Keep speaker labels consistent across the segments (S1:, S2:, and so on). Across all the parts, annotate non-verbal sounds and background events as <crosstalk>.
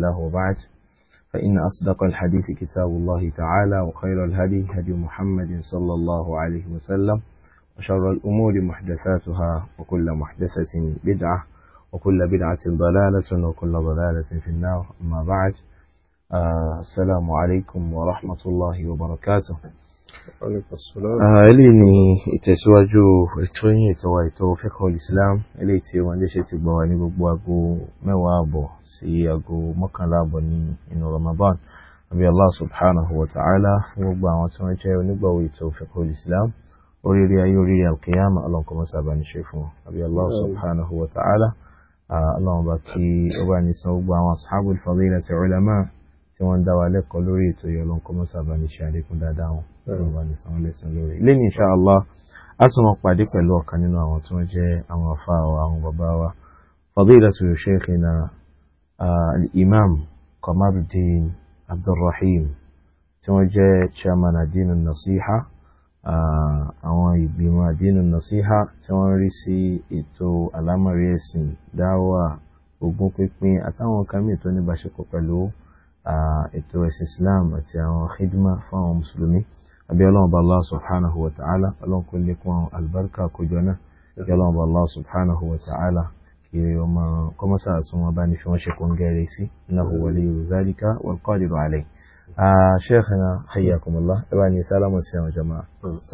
S1: له وبعد فإن أصدق الحديث كتاب الله تعالى وخير الهدي هدي محمد صلى الله عليه وسلم وشر الأمور محدثاتها وكل محدثة بدعة وكل بدعة ضلالة وكل ضلالة في النار أما بعد آه، السلام عليكم ورحمة الله وبركاته Ah, eléyìí ni ìtẹ̀síwájú ètò yìí ètò wa ètò fẹ́kọ̀ọ́ Islam eléyìí tí wọ́n jẹ́ṣẹ́ ti gbọ́ wa ní gbogbo aago mẹ́wàá àbọ̀ sí aago mọ́kànlá àbọ̀ ní inú Ramadan àbí Allah subhanahu wa ta'ala fún gbogbo àwọn tí wọ́n jẹ́ onígbàwọ̀ ètò fẹ́kọ̀ọ́ Islam oríire ayé oríire alkiyama ọlọ́nkọmọ́ sábà ní ṣe fún àbí Allah subhanahu wa ta'ala ọlọ́run kí ó bá ní san gbogbo àwọn ashabul fadilati ulama tí wọ́n dá wa lẹ́kọ̀ọ́ lórí ètò yìí ọlọ́nkọmọ́ sábà ṣe àlékún dáadáa wọn lọ́rọ̀ bá lè sanwó lẹ́sìn lórí. Lẹ́yìn insha Allah, a tún mọ pàdé pẹ̀lú ọ̀kan nínú àwọn tí wọ́n jẹ́ àwọn afá wa, àwọn bàbá wa. Fadilatu Shaykhina Al-Imam Kamaluddin Abdulrahim tí wọ́n jẹ́ chairman Adinu Nasiha, àwọn ìgbìmọ̀ Adinu Nasiha tí wọ́n rí sí ètò àlámọ̀rí ẹ̀sìn, dáwà, ogún pínpín àtàwọn kan tó ní pẹ̀lú ètò ẹ̀sìn Islam àti àwọn khidma fún àwọn Mùsùlùmí àbí ọlọ́run bá Allah subhanahu wa ta'ala ọlọ́run kò lè kún àlùbáríkà kójọ náà kí ọlọ́run bá Allah subhanahu wa ta'ala kí ọmọ kọ́mọ́sà tún wọn bá ní fi wọ́n ṣe kún gẹ́rẹ́ sí innahu waliyyu dhalika wal qadiru alayh. شيخنا حياكم الله إباني سلام والسلام جماعة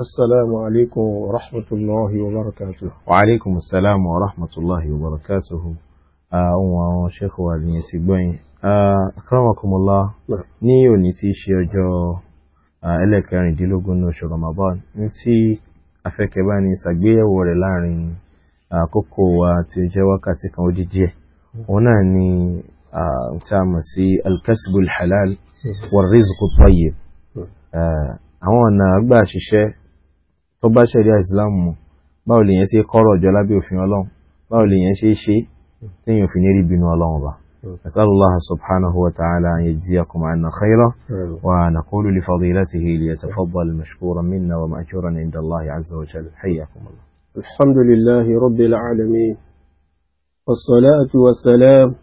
S2: السلام عليكم ورحمة الله وبركاته
S1: وعليكم السلام ورحمة الله وبركاته àwọn ṣẹ́kọ̀ọ́ àdìyàn ti gbọ́yìn. Akramakumullah ní òní tí ṣe ọjọ́ ẹlẹ́ẹ̀kẹrìndínlógún oṣù Ramadan ní tí afẹ́kẹ́ bá ní ṣàgbéyẹ̀wò rẹ̀ láàrin àkókò wa tí ó jẹ́ wákàtí kan ó dí díẹ̀ òun náà ni tí a mọ̀ sí alkasbul halal wa rizqu tayyib àwọn ọ̀nà àgbà ṣiṣẹ́ tó bá ṣẹ̀rí àìsílámù báwo lèèyàn ṣe kọ́rọ̀ ọjọ́ lábẹ́ òfin ọlọ́run báwo lèèyàn ṣe ṣe téèyàn fi ní rí bínú ọlọ́run ọba أسأل الله سبحانه وتعالى أن يجزيكم عنا خيرا ونقول لفضيلته ليتفضل مشكورا منا ومأجورا عند الله عز وجل حياكم الله
S2: الحمد لله رب العالمين والصلاة والسلام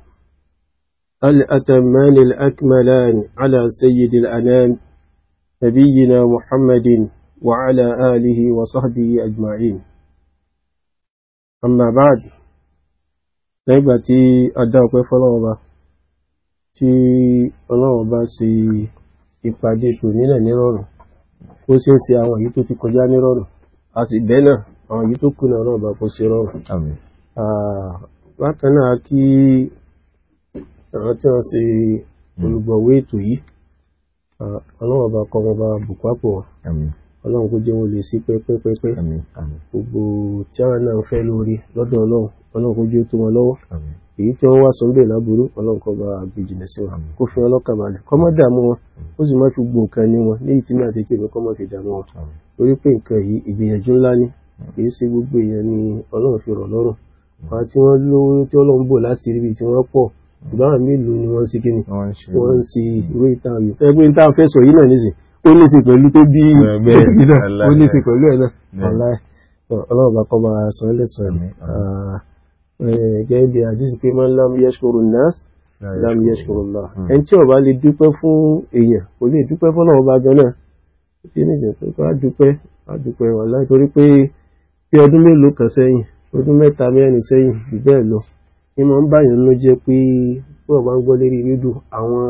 S2: الأتمان الأكملان على سيد الأنام نبينا محمد وعلى آله وصحبه أجمعين أما بعد lẹ́gbà tí a dá ọpẹ́ fọ́lọ́run ọba tí ọlọ́run ọba ṣe ìpàdé tò nílẹ̀ nírọ̀rùn ó ṣe ń ṣe àwọn èyí tó ti kọjá nírọ̀rùn a sì bẹ́ẹ̀ náà àwọn èyí tó kù náà ọlọ́run ọba kò ṣe rọrùn. bákan náà kí àwọn tí wọ́n ṣe olùgbọ̀wé ètò yìí ọlọ́run ọba kọ́ wọn bá bùkápọ̀ wọn. ọlọ́run kó jẹ́ wọn lè sí pẹ́pẹ́pẹ́pẹ́ gbogbo tí àwọn náà ń fẹ́ lórí lọ́dọ̀ ọlọ́run ọlọ́run kó jẹ́ tó wọn lọ́wọ́ èyí tí wọ́n wá sọ láburú ọlọ́run kó bá àgbèjìnà sí wọn kó fi ọlọ́kà balẹ̀ dààmú wọn ó sì má fi ní wọn ní ni kì í ṣe gbogbo èèyàn ni ọlọ́run fi rọ̀ lọ́rùn àwọn tí wọ́n lówó tí ọlọ́run bò láti ríbi tí wọ́n pọ̀ ìbára mélòó ni wọ́n ń ṣe kí ni ó ní sí pẹ̀lú tó bí ìgbìnà <laughs> ó ní sí pẹ̀lú ẹ̀ náà ọlọ́ọ̀bá kọ́ bá sọ lẹ́sọ̀ rẹ̀ gẹ́gẹ́ bí àdísì pé man lam yashkuru nas lam yashkuru Allah hmm. ẹn tí ó bá lè dúpẹ́ fún èèyàn kò lè dúpẹ́ fọ́lọ́wọ́ bá gan náà tí ní sì pé ká dúpẹ́ ká dúpẹ́ wà láì torí pé bí ọdún mélòó kan sẹ́yìn ọdún mẹ́ta mẹ́rin sẹ́yìn jù bẹ́ẹ̀ lọ ni mo ń báyàn ló jẹ́ pé bí ọ̀bá ń gbọ́ lérí rédíò àwọn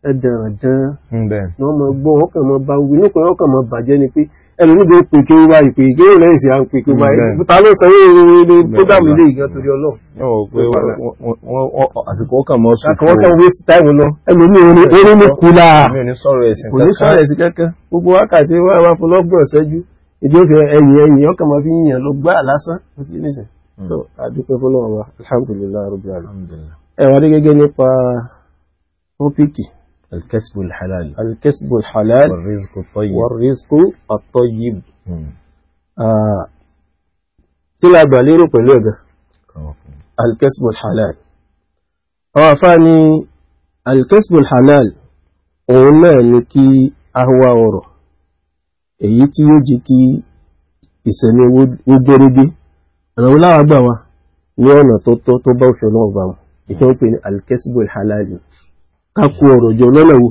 S2: ẹ̀dẹ̀rẹ̀dẹ̀n ni wọ́n mọ gbọ́ wọ́n kàn mọ bá wí nípa wọ́n mọ bàjẹ́ ni pé ẹnu níbi pé kí wọ́n báyìí pé kí wọ́n lẹ́yìn sí à ń pè pé báyìí ta ló sọ
S1: yóò rí ní program ilé ìgbà torí ọlọ́run.
S2: àsìkò ọkàn mọ sùn fún wọn. àkọwọ́kàn waste time lọ ẹnu mi ò ní ní kula kò
S1: ní sọ̀rọ̀ ẹ̀sìn kankan gbogbo wákàtí
S2: wọn àwọn afọlọ́gbọ̀n ṣẹ́jú ìdí òkè ẹ̀yìn ẹ̀yìn ọkàn mọ fi yìnyín lọ gbá lásán ó ti ní sẹ́ mm. so àdúpẹ́ fọlọ́wọ́ alhamdulilayi rabbil alamin ẹ̀wọ̀n adé gẹ́gẹ́ nípa tópìkì الكسب الحلال الكسب الحلال والرزق الطيب والرزق الطيب كلا باليرو بلوغ الكسب الحلال وفاني الكسب الحلال òun kí ahwa ọ̀rọ̀ èyí tí yóò jẹ́ kí ìsẹ̀mí ó gẹ́rẹ́gẹ́ àwọn láwàgbà wa ní ọ̀nà tó tọ́ tó bá òṣèlú ọba wọn ìkẹ́ ń pè ní alkesibol halali kakú ọ̀rọ̀ jọ lọ́nà wo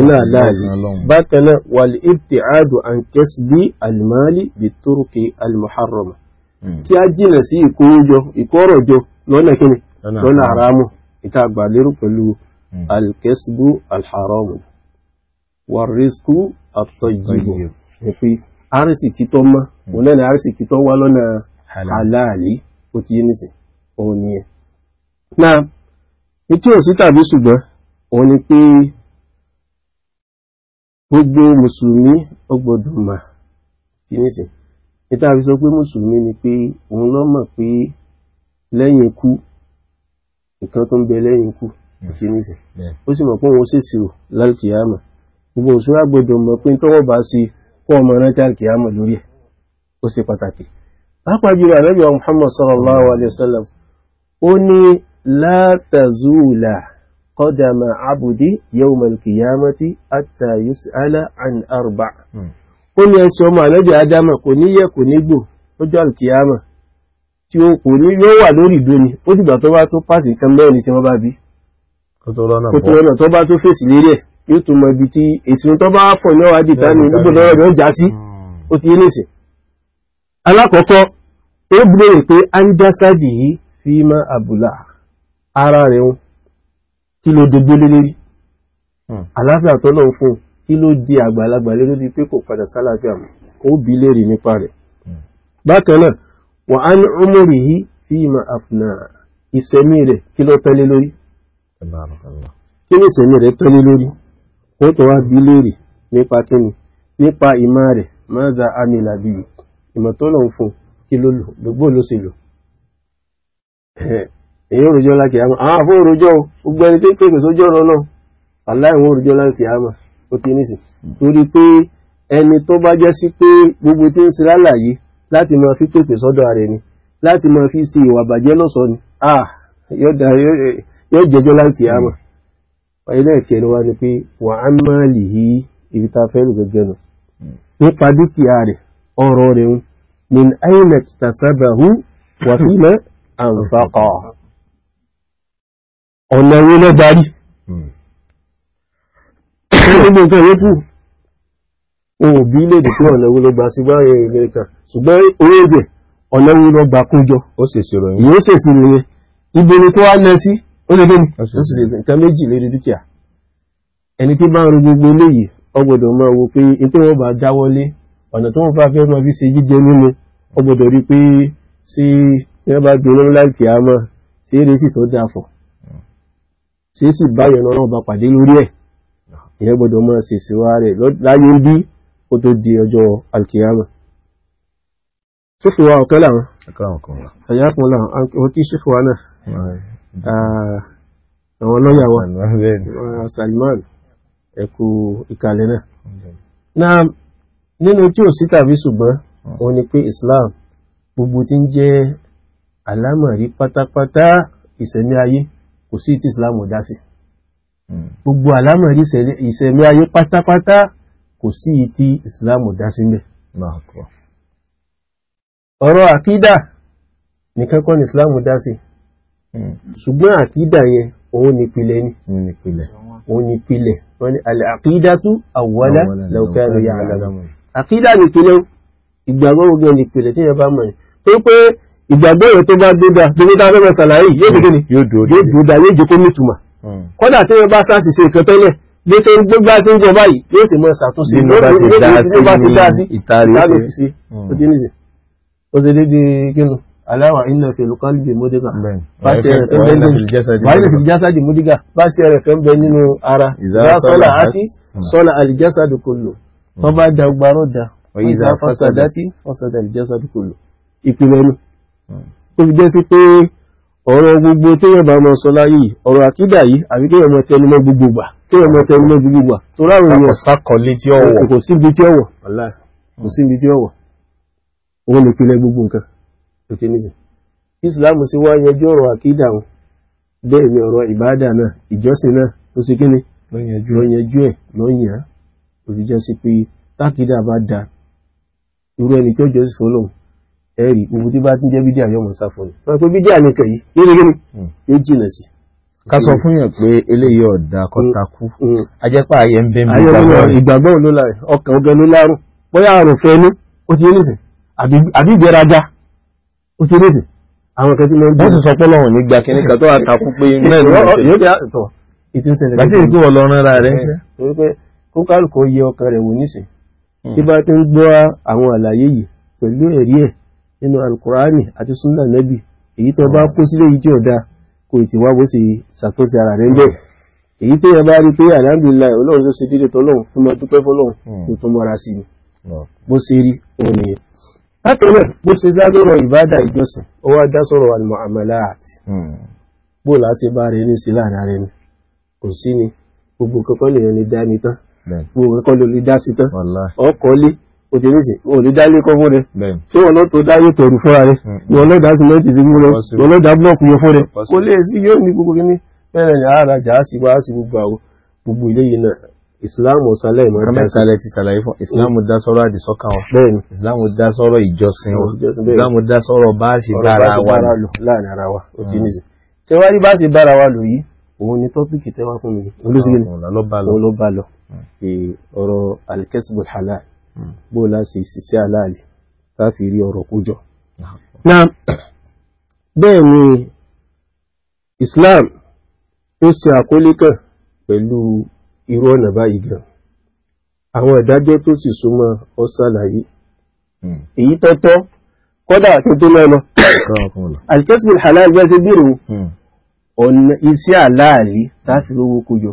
S2: iná aláàlì bákan náà wal ibtiadu an kasbi alimali bi turuki alimuharrama hmm. kí a jìnà sí ìkóròjọ ìkóròjọ lọ́nà kíni lọ́nà haramu ìta àgbàlérò pẹ̀lú hmm. alkesbu alharamu wa risku atọ́jìbò òun ni pé gbogbo mùsùlùmí ó gbọ́dọ̀ mà tí nísìn níta fi sọ pé mùsùlùmí ni pé òun ló mọ̀ pé lẹ́yìn ikú nǹkan tó ń bẹ lẹ́yìn ikú tí nísìn ó sì mọ̀ pé òun ṣèṣì rò lálùkìyàmà gbogbo òṣùwà gbọ́dọ̀ mọ̀ pé tọ́wọ́ bá sí kó ọmọ rántí àlùkìyàmà lórí ẹ̀ ó ṣe pàtàkì pàápàá jùlọ àlẹ́bíwá Muhammad sallallahu alayhi wa sallam ó ní látàzúùlà قدم عبدي يوم القيامة حتى يسأل عن أربع قل يا سوما نجي آدم كونية كونيبو ọjọ́ alkiyama tí ó kò ní yóò wà lórí ìdóni ó dìgbà tó bá tó pàsì nǹkan mẹ́rin tí wọ́n bá bí kòtòrọ̀nà tó bá tó fèsì lérí ẹ̀ yóò tó mọ ibi tí èsìn tó bá fọ̀ ní ọwà dìtà ní gbogbo lọ́rọ̀ rẹ̀ ó sí hmm. ó ti nísìn alákọ̀ọ́kọ́ ó bèèrè pé anjásádì yìí fi mọ́ àbùlà ara rẹ̀ kí ló dogbó lé lérí hmm. àlàáfíà tọ́lọ̀ ń fún kí ló di àgbàlagbà lé lórí pé kò padà sálàáfíà ó bi léèrè nípa rẹ̀ hmm. bákan náà wà á ní umrihi fima afna ìsẹ̀mí rẹ̀ kí ló tẹ́lé lórí kí ni ìsẹ̀mí rẹ̀ tẹ́lé lórí wọ́n tó wá bi léèrè nípa kíni nípa ìmá rẹ̀ maza amila bi ìmọ̀ tọ́lọ̀ ń fún kí ló lò gbogbo ló sì lò èyí òròjọ́ láti àmà àwọn àfọ́ òròjọ́ gbogbo ẹni tó pèpè sójú ọ̀rọ̀ náà aláìwọ̀n òròjọ́ láti àmà ó ti ní sí torí pé ẹni tó bá jẹ́ sí pé gbogbo tí ń sira láàyè láti máa fi pèpè sọ́dọ̀ ààrẹ ni láti máa fi ṣe ìwà bàjẹ́ lọ́sọ̀ ni ah, yóò jẹjọ́ láti àmà ẹ̀dá ìkẹni wa ni pé wà á máa lè hí ibi ta fẹ́ gẹ́gẹ́ nù nípa dúkìá rẹ̀ ọ̀rọ̀ rẹ̀ ní àìnà tàṣàbàhù wà fílẹ̀ àǹfàkọ̀ọ́ ọ̀nà owó lọ darí hmm. gbogbo nǹkan yókù òbí lè dìkú ọ̀nà owó lọ gbà sígbọ́n Amẹ́ríkà ṣùgbọ́n owó ẹ̀jẹ̀ ọ̀nà owó lọ gbà kójọ ó ṣèṣirò yẹn ibi ni tó wá lẹ sí ó ṣe gbẹ́ni ó sì ṣe nǹkan méjì lérí dúkìá ẹni tí bá ń ro gbogbo eléyìí ọgbọ́dọ̀ máa wo pé in tí wọ́n bá dáwọ́lé ọ̀nà tó wọ́n fà fẹ́ máa fi ṣe jíjẹ mímu ọgbọ́dọ̀ rí pé sí ẹbá gbẹ̀rẹ̀ láìkì àmọ́ sí eré sì tó dáfọ̀ tí sì báyọ̀ náà bá pàdé lórí ẹ̀ ìyẹn gbọ́dọ̀ máa ṣe ìṣèwà rẹ̀ láyé bí ó tó di ọjọ́ alkiyama tó fi wa ọ̀kẹ́ làwọn ẹ̀yà kan làwọn àwọn kí ṣífò wa náà àwọn lọ́yà wa Salman ẹ̀kú ìkàlẹ̀ náà na nínú tí ò sí tàbí ṣùgbọ́n wọn ni pé Islam gbogbo tí ń jẹ́ àlámọ̀rí pátápátá ìṣẹ̀mí ayé kò sí tí islam ò dá sí hmm. gbogbo àlámọ̀ rí ìṣẹ̀mí ayé pátápátá kò sí tí islam ò dá sí mẹ́ ọ̀rọ̀ àkídà nìkan kọ́ ni islam dá sí hmm. ṣùgbọ́n àkídà yẹn òun ni pìlẹ̀ ni òun ni pìlẹ̀ wọ́n ni àkídà tú àwọ́lá lọ́kẹ́rù yà àlàmù àkídà ni pìlẹ̀ ìgbàgbọ́ gbogbo ni pìlẹ̀ tí yẹn bá mọ̀ tó pé ìgbàgbọ́ rẹ̀ tó bá gbé dá gbogbo dá fẹ́ sàlàyé yóò sì kéde yóò dúró dá yóò jẹ́ kó nítumọ̀ hmm. kódà tí wọ́n bá ṣàṣìṣe nǹkan tẹ́lẹ̀ bí ṣe ń gbégbá sí ń jọ báyìí yóò sì mọ ṣàtúnṣe ló bá sì dá sí ìtàrí òfin sí hmm. ó ti níṣe ó ṣe dédé kínu aláwà iná fèlú kálíbì módígà fáṣẹ rẹ̀ fẹ́ nínú jásádì módígà fáṣẹ rẹ̀ fẹ́ bẹ nínú ara ìdá sọ́là àti sọ́là àlìjásádì kò lò tó bá da gbàrọ̀ da ìdá fásádátì fásádà àlìjásádì kò lò ìpìlẹ̀ nù ó fi jẹ́ sí pé ọ̀rọ̀ gbogbo téèyàn bá mọ sọ láyé ọ̀rọ̀ àkídà yìí àbí téèyàn mọ tẹnumọ́ gbogbo gbà téèyàn mọ́ tẹnumọ́ gbogbo gbà tó ráwọn èèyàn sákọlé tí kò tí kò gbogbo nǹkan ètò nísìn Islam sì wá ọ̀rọ̀ àkídà tí ó ẹ̀rí gbogbo tí bá ti jẹ́ bídíà yọmọ sáfọ́ ni wọ́n pe bídíà ní kẹ̀yí nínú gíní hmm. yóò jìnà sí. ká sọ fún yàn pé eléyìí ọ̀dà
S1: kọ́takú hmm. hmm. ajẹ́pà ayẹ ń bẹ́ mi
S2: ìgbàgbọ́ ló la ọkàn ọgẹ ló lárùn bóyá àrùn fẹnu ó ti ní sìn àbí ìgbéraga ó ti ní sìn àwọn kan tí mo ń bí. wọ́n sì sọ pé lọ́wọ́n ní gba kẹ́ni kàtó àtakú pé mẹ́rin ló ń nínú alukurani àti sunna nẹ́bì èyí tó bá kó sílé yìí tí ọ̀dá kò ì tí wá bó sì ṣàtúnṣe ara rẹ̀ bẹ́ẹ̀ èyí tó yẹ bá rí pé alhamdulillah ọlọ́run tó ṣe dídé tọ́lọ́run fún mọ́ dúpẹ́ fọ́lọ́run hmm. kò tó mọ́ra sí ni
S1: hmm. bó ṣe rí òun nìyẹn
S2: bákan náà bó ṣe sáré ìbádà ìjọsìn ó wá dá sọ̀rọ̀ al-mu'amalat hmm. bó láti bá rẹ̀ ní sí láàrin rẹ̀ ni kò sí ni gbogbo kankan lè rẹ̀ ní dá ní tán gbogbo kankan lè dá sí tán ọkọ̀ lé òtí ní sí òní dálé kọ́ fún rẹ̀ tí wọ́n lọ́tọ̀ dáyé pẹ̀rù fúnra rẹ̀ wọ́n lọ́dá sílẹ̀tì sí múlẹ̀ wọ́n lọ́dá blọ́ọ̀kù yẹ fún rẹ̀ kó lè sí yóò ní gbogbo ní bẹ́ẹ̀ ni ara jà á sí wá sí gbogbo àwọn gbogbo ilé yìí náà
S1: islam ọ̀sálẹ̀ ìmọ̀ ìdásálẹ̀
S2: ti sàlàyé fún islam dá sọ́rọ̀
S1: àdìsọ́kà wọn islam dá sọ́rọ̀ ìjọsìn wọn islam dá sọ́rọ̀ bá ṣe bára wa lò
S2: láàrin ara wa hmm. ni tọ́pìkì tẹ́wà fún mi olùsígbìn òun ló bá lọ hmm. ọ̀rọ̀ alikẹ́sìbò halal bó láti ṣiṣẹ́ aláàlì láfi rí ọ̀rọ̀ kójọ. na bẹ́ẹ̀ ni Islam ó ṣe àkólíkàn pẹ̀lú irú ọ̀nà báyìí gan àwọn ìdájọ́ tó sì súnmọ́ ọ ṣàlàyé hmm. èyí tọ́tọ́ kọ́dà tó tó mẹ́lọ alkesmin halal bẹ́ẹ̀ sí bírò ọ̀nà iṣẹ́ aláàlì láti rówó kójọ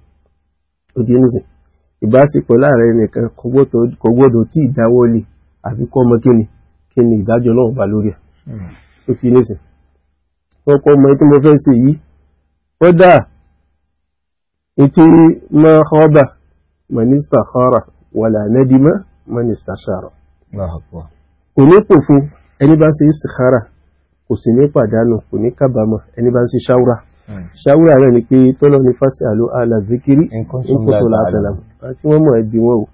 S2: ó di nísìn ìbáṣepọ̀ láàrin ẹnìkan kò gbọ́dọ̀ tí ìdáwọ́lé àfi kọ́ ọmọ kíni kíni ìdájọ́ náà bá lórí ẹ̀ hmm. ó ti nísìn wọ́n kọ́ ọmọ tí mo fẹ́ ṣe yìí kódà ètí mọ́ ọ́bà mọ́nísítà kọ́ra wàlà nẹ́dìmọ́ mọ́nísítà ṣàrọ̀ kò ní pòfo ẹni bá ṣe istikhara kò sì ní pàdánù kò ní kábàámọ̀ ẹni bá ṣe ṣáwúrà Hmm. ṣàwúrà rẹ̀ ni pé tọ́lọ́ ni fásitì àlọ́ àlà zikiri nkótó látàlá àti wọ́n mọ̀ ẹbí wọn ò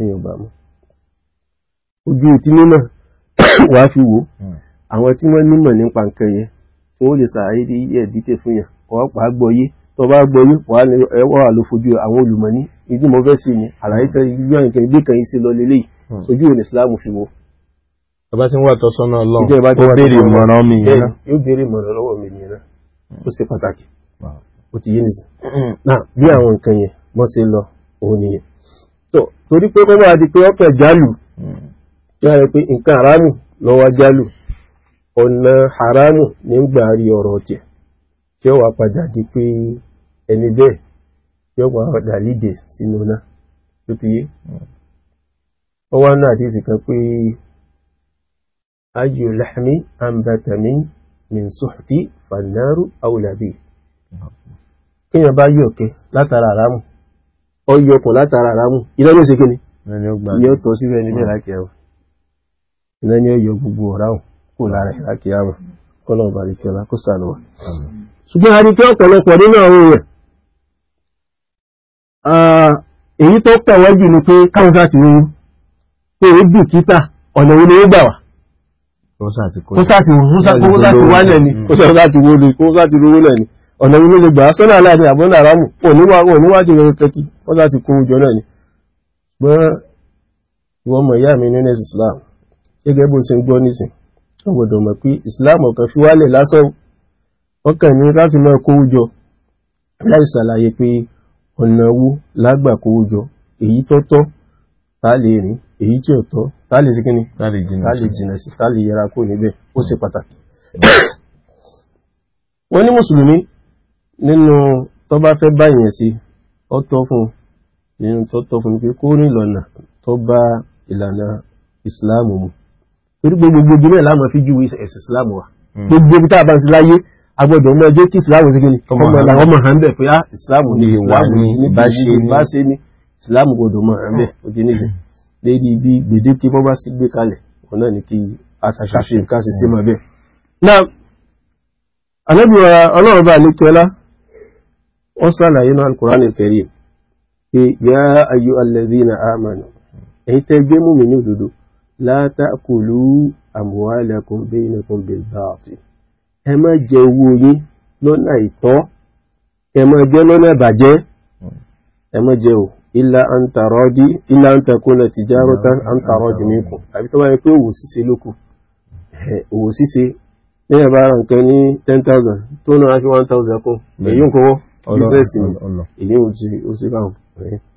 S2: ẹ̀yìn ọba mọ́ ojú ètí mímọ̀ <coughs> wàá fi wò hmm. àwọn tí wọ́n nímọ̀ nípa nǹkan yẹn tí wọ́n lè sàárè di iye ẹ̀dítẹ̀ fún yàn wọ́n pa á gbọ́ yé tó bá gbọ́ yé wọ́n wà ló fojú àwọn olùmọ̀ ní ìdí mọ́ fẹ́ sí ni àlàyé tẹ́ yọ nǹkan ìgbé kan yìí sí lọ lélẹ́yìí hmm. ojú òní Islam fi wò ọba tí wọ́n wà tọ́sọ́nà Ọlọ́run ó béèrè ìmọ̀ràn mi yẹn náà ó ṣe pàtàkì ó ti yé nìsín mm-hmm. náà bí àwọn nǹkan yẹn wọ́n ṣe lọ òun nìyẹn torí pé bọ́bá di pé ọkàn jálù a rẹ̀ pé nǹkan haramu lọ́wọ́ jálù ọ̀nà haramu nígbà rí ọ̀rọ̀ ọ̀tẹ̀ tí ó wà padà di pé ẹni bẹ́ẹ̀ padà lídè sínú náà tó ti yé min suhti fannaru awulabi kíyàn bá yọ̀ kẹ látara àrámù ọyọkùn látara àrámù iná ló ṣe kí ni ni ó tọ́ síbẹ̀ níbẹ̀ lákìáwọ̀ iná ni ó yọ gbogbo ọ̀ráhùn kò lára lákìáwọ̀ kọ́lọ̀ balikẹ́lá kó sàlùwà ṣùgbọ́n a rí pé ọ̀pọ̀lọpọ̀ nínú àwọn èèyàn èyí tó pọ̀ jù ni pé káwọn sá ti rí pé ó bìkítà ọ̀nà wo ó gbà wá
S1: kó sáti
S2: wálẹ̀ ni mm. kó sáti wólú kó sáti rówó lẹ̀ ni ọ̀nà ilé lè gbà sọ́nà aláàrin àbọ́nà àrámù oníwájú rẹ̀ pẹ́kí kó sáti kó jọ náà ni gbọ́n ìwọ́n mọ̀ ìyá mi nínú Islam gẹ́gẹ́ bó ṣe ń Islam ọ̀kan fi wálẹ̀ lásán wọ́n kàn ní láti máa kó jọ láì ṣàlàyé pé ọ̀nà wo lágbà kó èyí tí ò tọ́ tá lè sí kíní tá lè jìnà sí tá lè yẹra kó níbẹ̀ ó ṣe pàtàkì wọ́n ní mùsùlùmí nínú tó bá fẹ́ báyẹn sí ọ̀tọ̀ fún nínú tó tọ́ fún pé kó ní ìlànà tó bá ìlànà ìsìláàmù mu torí pé gbogbo ìdílé láàmú fi júwe ẹ̀sìn ìsìláàmù wa hmm. gbogbo ibi tá a bá ń sí láyé agbọ́dọ̀ ọmọ ẹjọ́ kí ìsìláàmù sí kíni ọmọ làwọn ọmọ hàn bẹ̀ ah, ìsìláàmù ni ìsìláàmù ni bá ṣe ní ìsìláàmù gbọ́dọ̀ mọ̀ hàn lérí bí gbèdéke bọ́ bá sì gbé kalẹ̀ wọn náà ni kí aṣàṣàṣe ká sì sí máa bẹ́ẹ̀. náà anábìwà ọlọ́run bá níkẹ́lá wọ́n sàlàyé náà alukùránì kẹrì pé yá ayú alladhina amanu èyí tẹ́ gbé mú mi ní òdodo la ta'kulu amwalakum bainakum bil batil ẹ má jẹ owó yín lọ́nà ìtọ́ ẹ má jẹ lọ́nà ìbàjẹ́ ẹ má jẹ o illa an taradi illa an takuna tijaratan an taradi minkum àbí tó bá yẹ pé òwò ṣíṣe lókù òwò ṣíṣe lẹ́yìn bá ra nǹkan ní ten thousand tó náà fi one thousand kún èyí ń kọwọ́ business ni èyí ń ti ó sì báwọn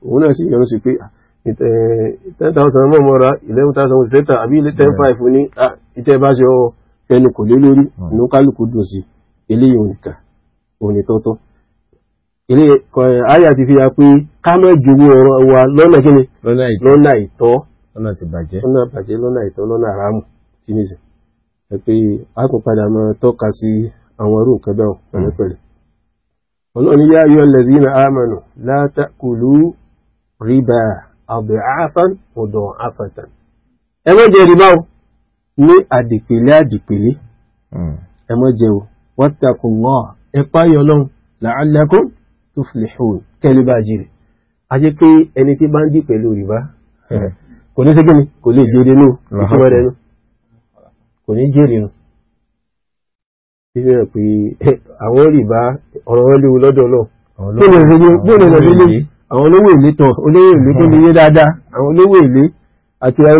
S2: òun náà sì yọnu sí pé ten thousand mọ̀ mọ́ra eleven thousand with later àbí ten five ní ìtẹ́ bá ṣe ọ fẹnu kò lé lórí ìnú kálukú dùn sí eléyìí òǹkà òǹkà tọ́tọ́ ilé eh, ayà ti fi ya pé ká má jowó ọ̀rọ̀ wa lọ́nà kíni lọ́nà ìtọ́ lọ́nà ti bàjẹ́ lọ́nà bàjẹ́ lọ́nà ìtọ́ lọ́nà àrámù tí ní sẹ ẹ pé a kò padà máa tọ́ka sí àwọn irú nǹkan bẹ́ẹ̀ hmm. pẹ̀lẹ́pẹ̀lẹ́ ọlọ́run yá yọ lẹ́sìn ní àmàlù látàkùlù rìbá àbẹ̀ àfàn ọ̀dọ̀ àfàtàn ẹ má jẹ rìbá o ní àdìpèlé àdìpèlé hmm. ẹ má wọ́n takùn náà ẹ páyọ tuflihun kẹ́lẹ̀ bá jìrì a jẹ́ pé ẹni tí bá ń dí pẹ̀lú rìbá kò ní ṣégíní kò lè jèrè nù ìtumọ̀ rẹ̀ nù kò ní jèrè nù títí rẹ̀ pé àwọn rìbá ọ̀rọ̀ wọn lọ́dọ̀ náà kí ni ìrìn bóòlù lọ́dọ̀ lé àwọn olówó èlé tán olówó èlé tó lè yé dáadáa àwọn olówó èlé àti olówó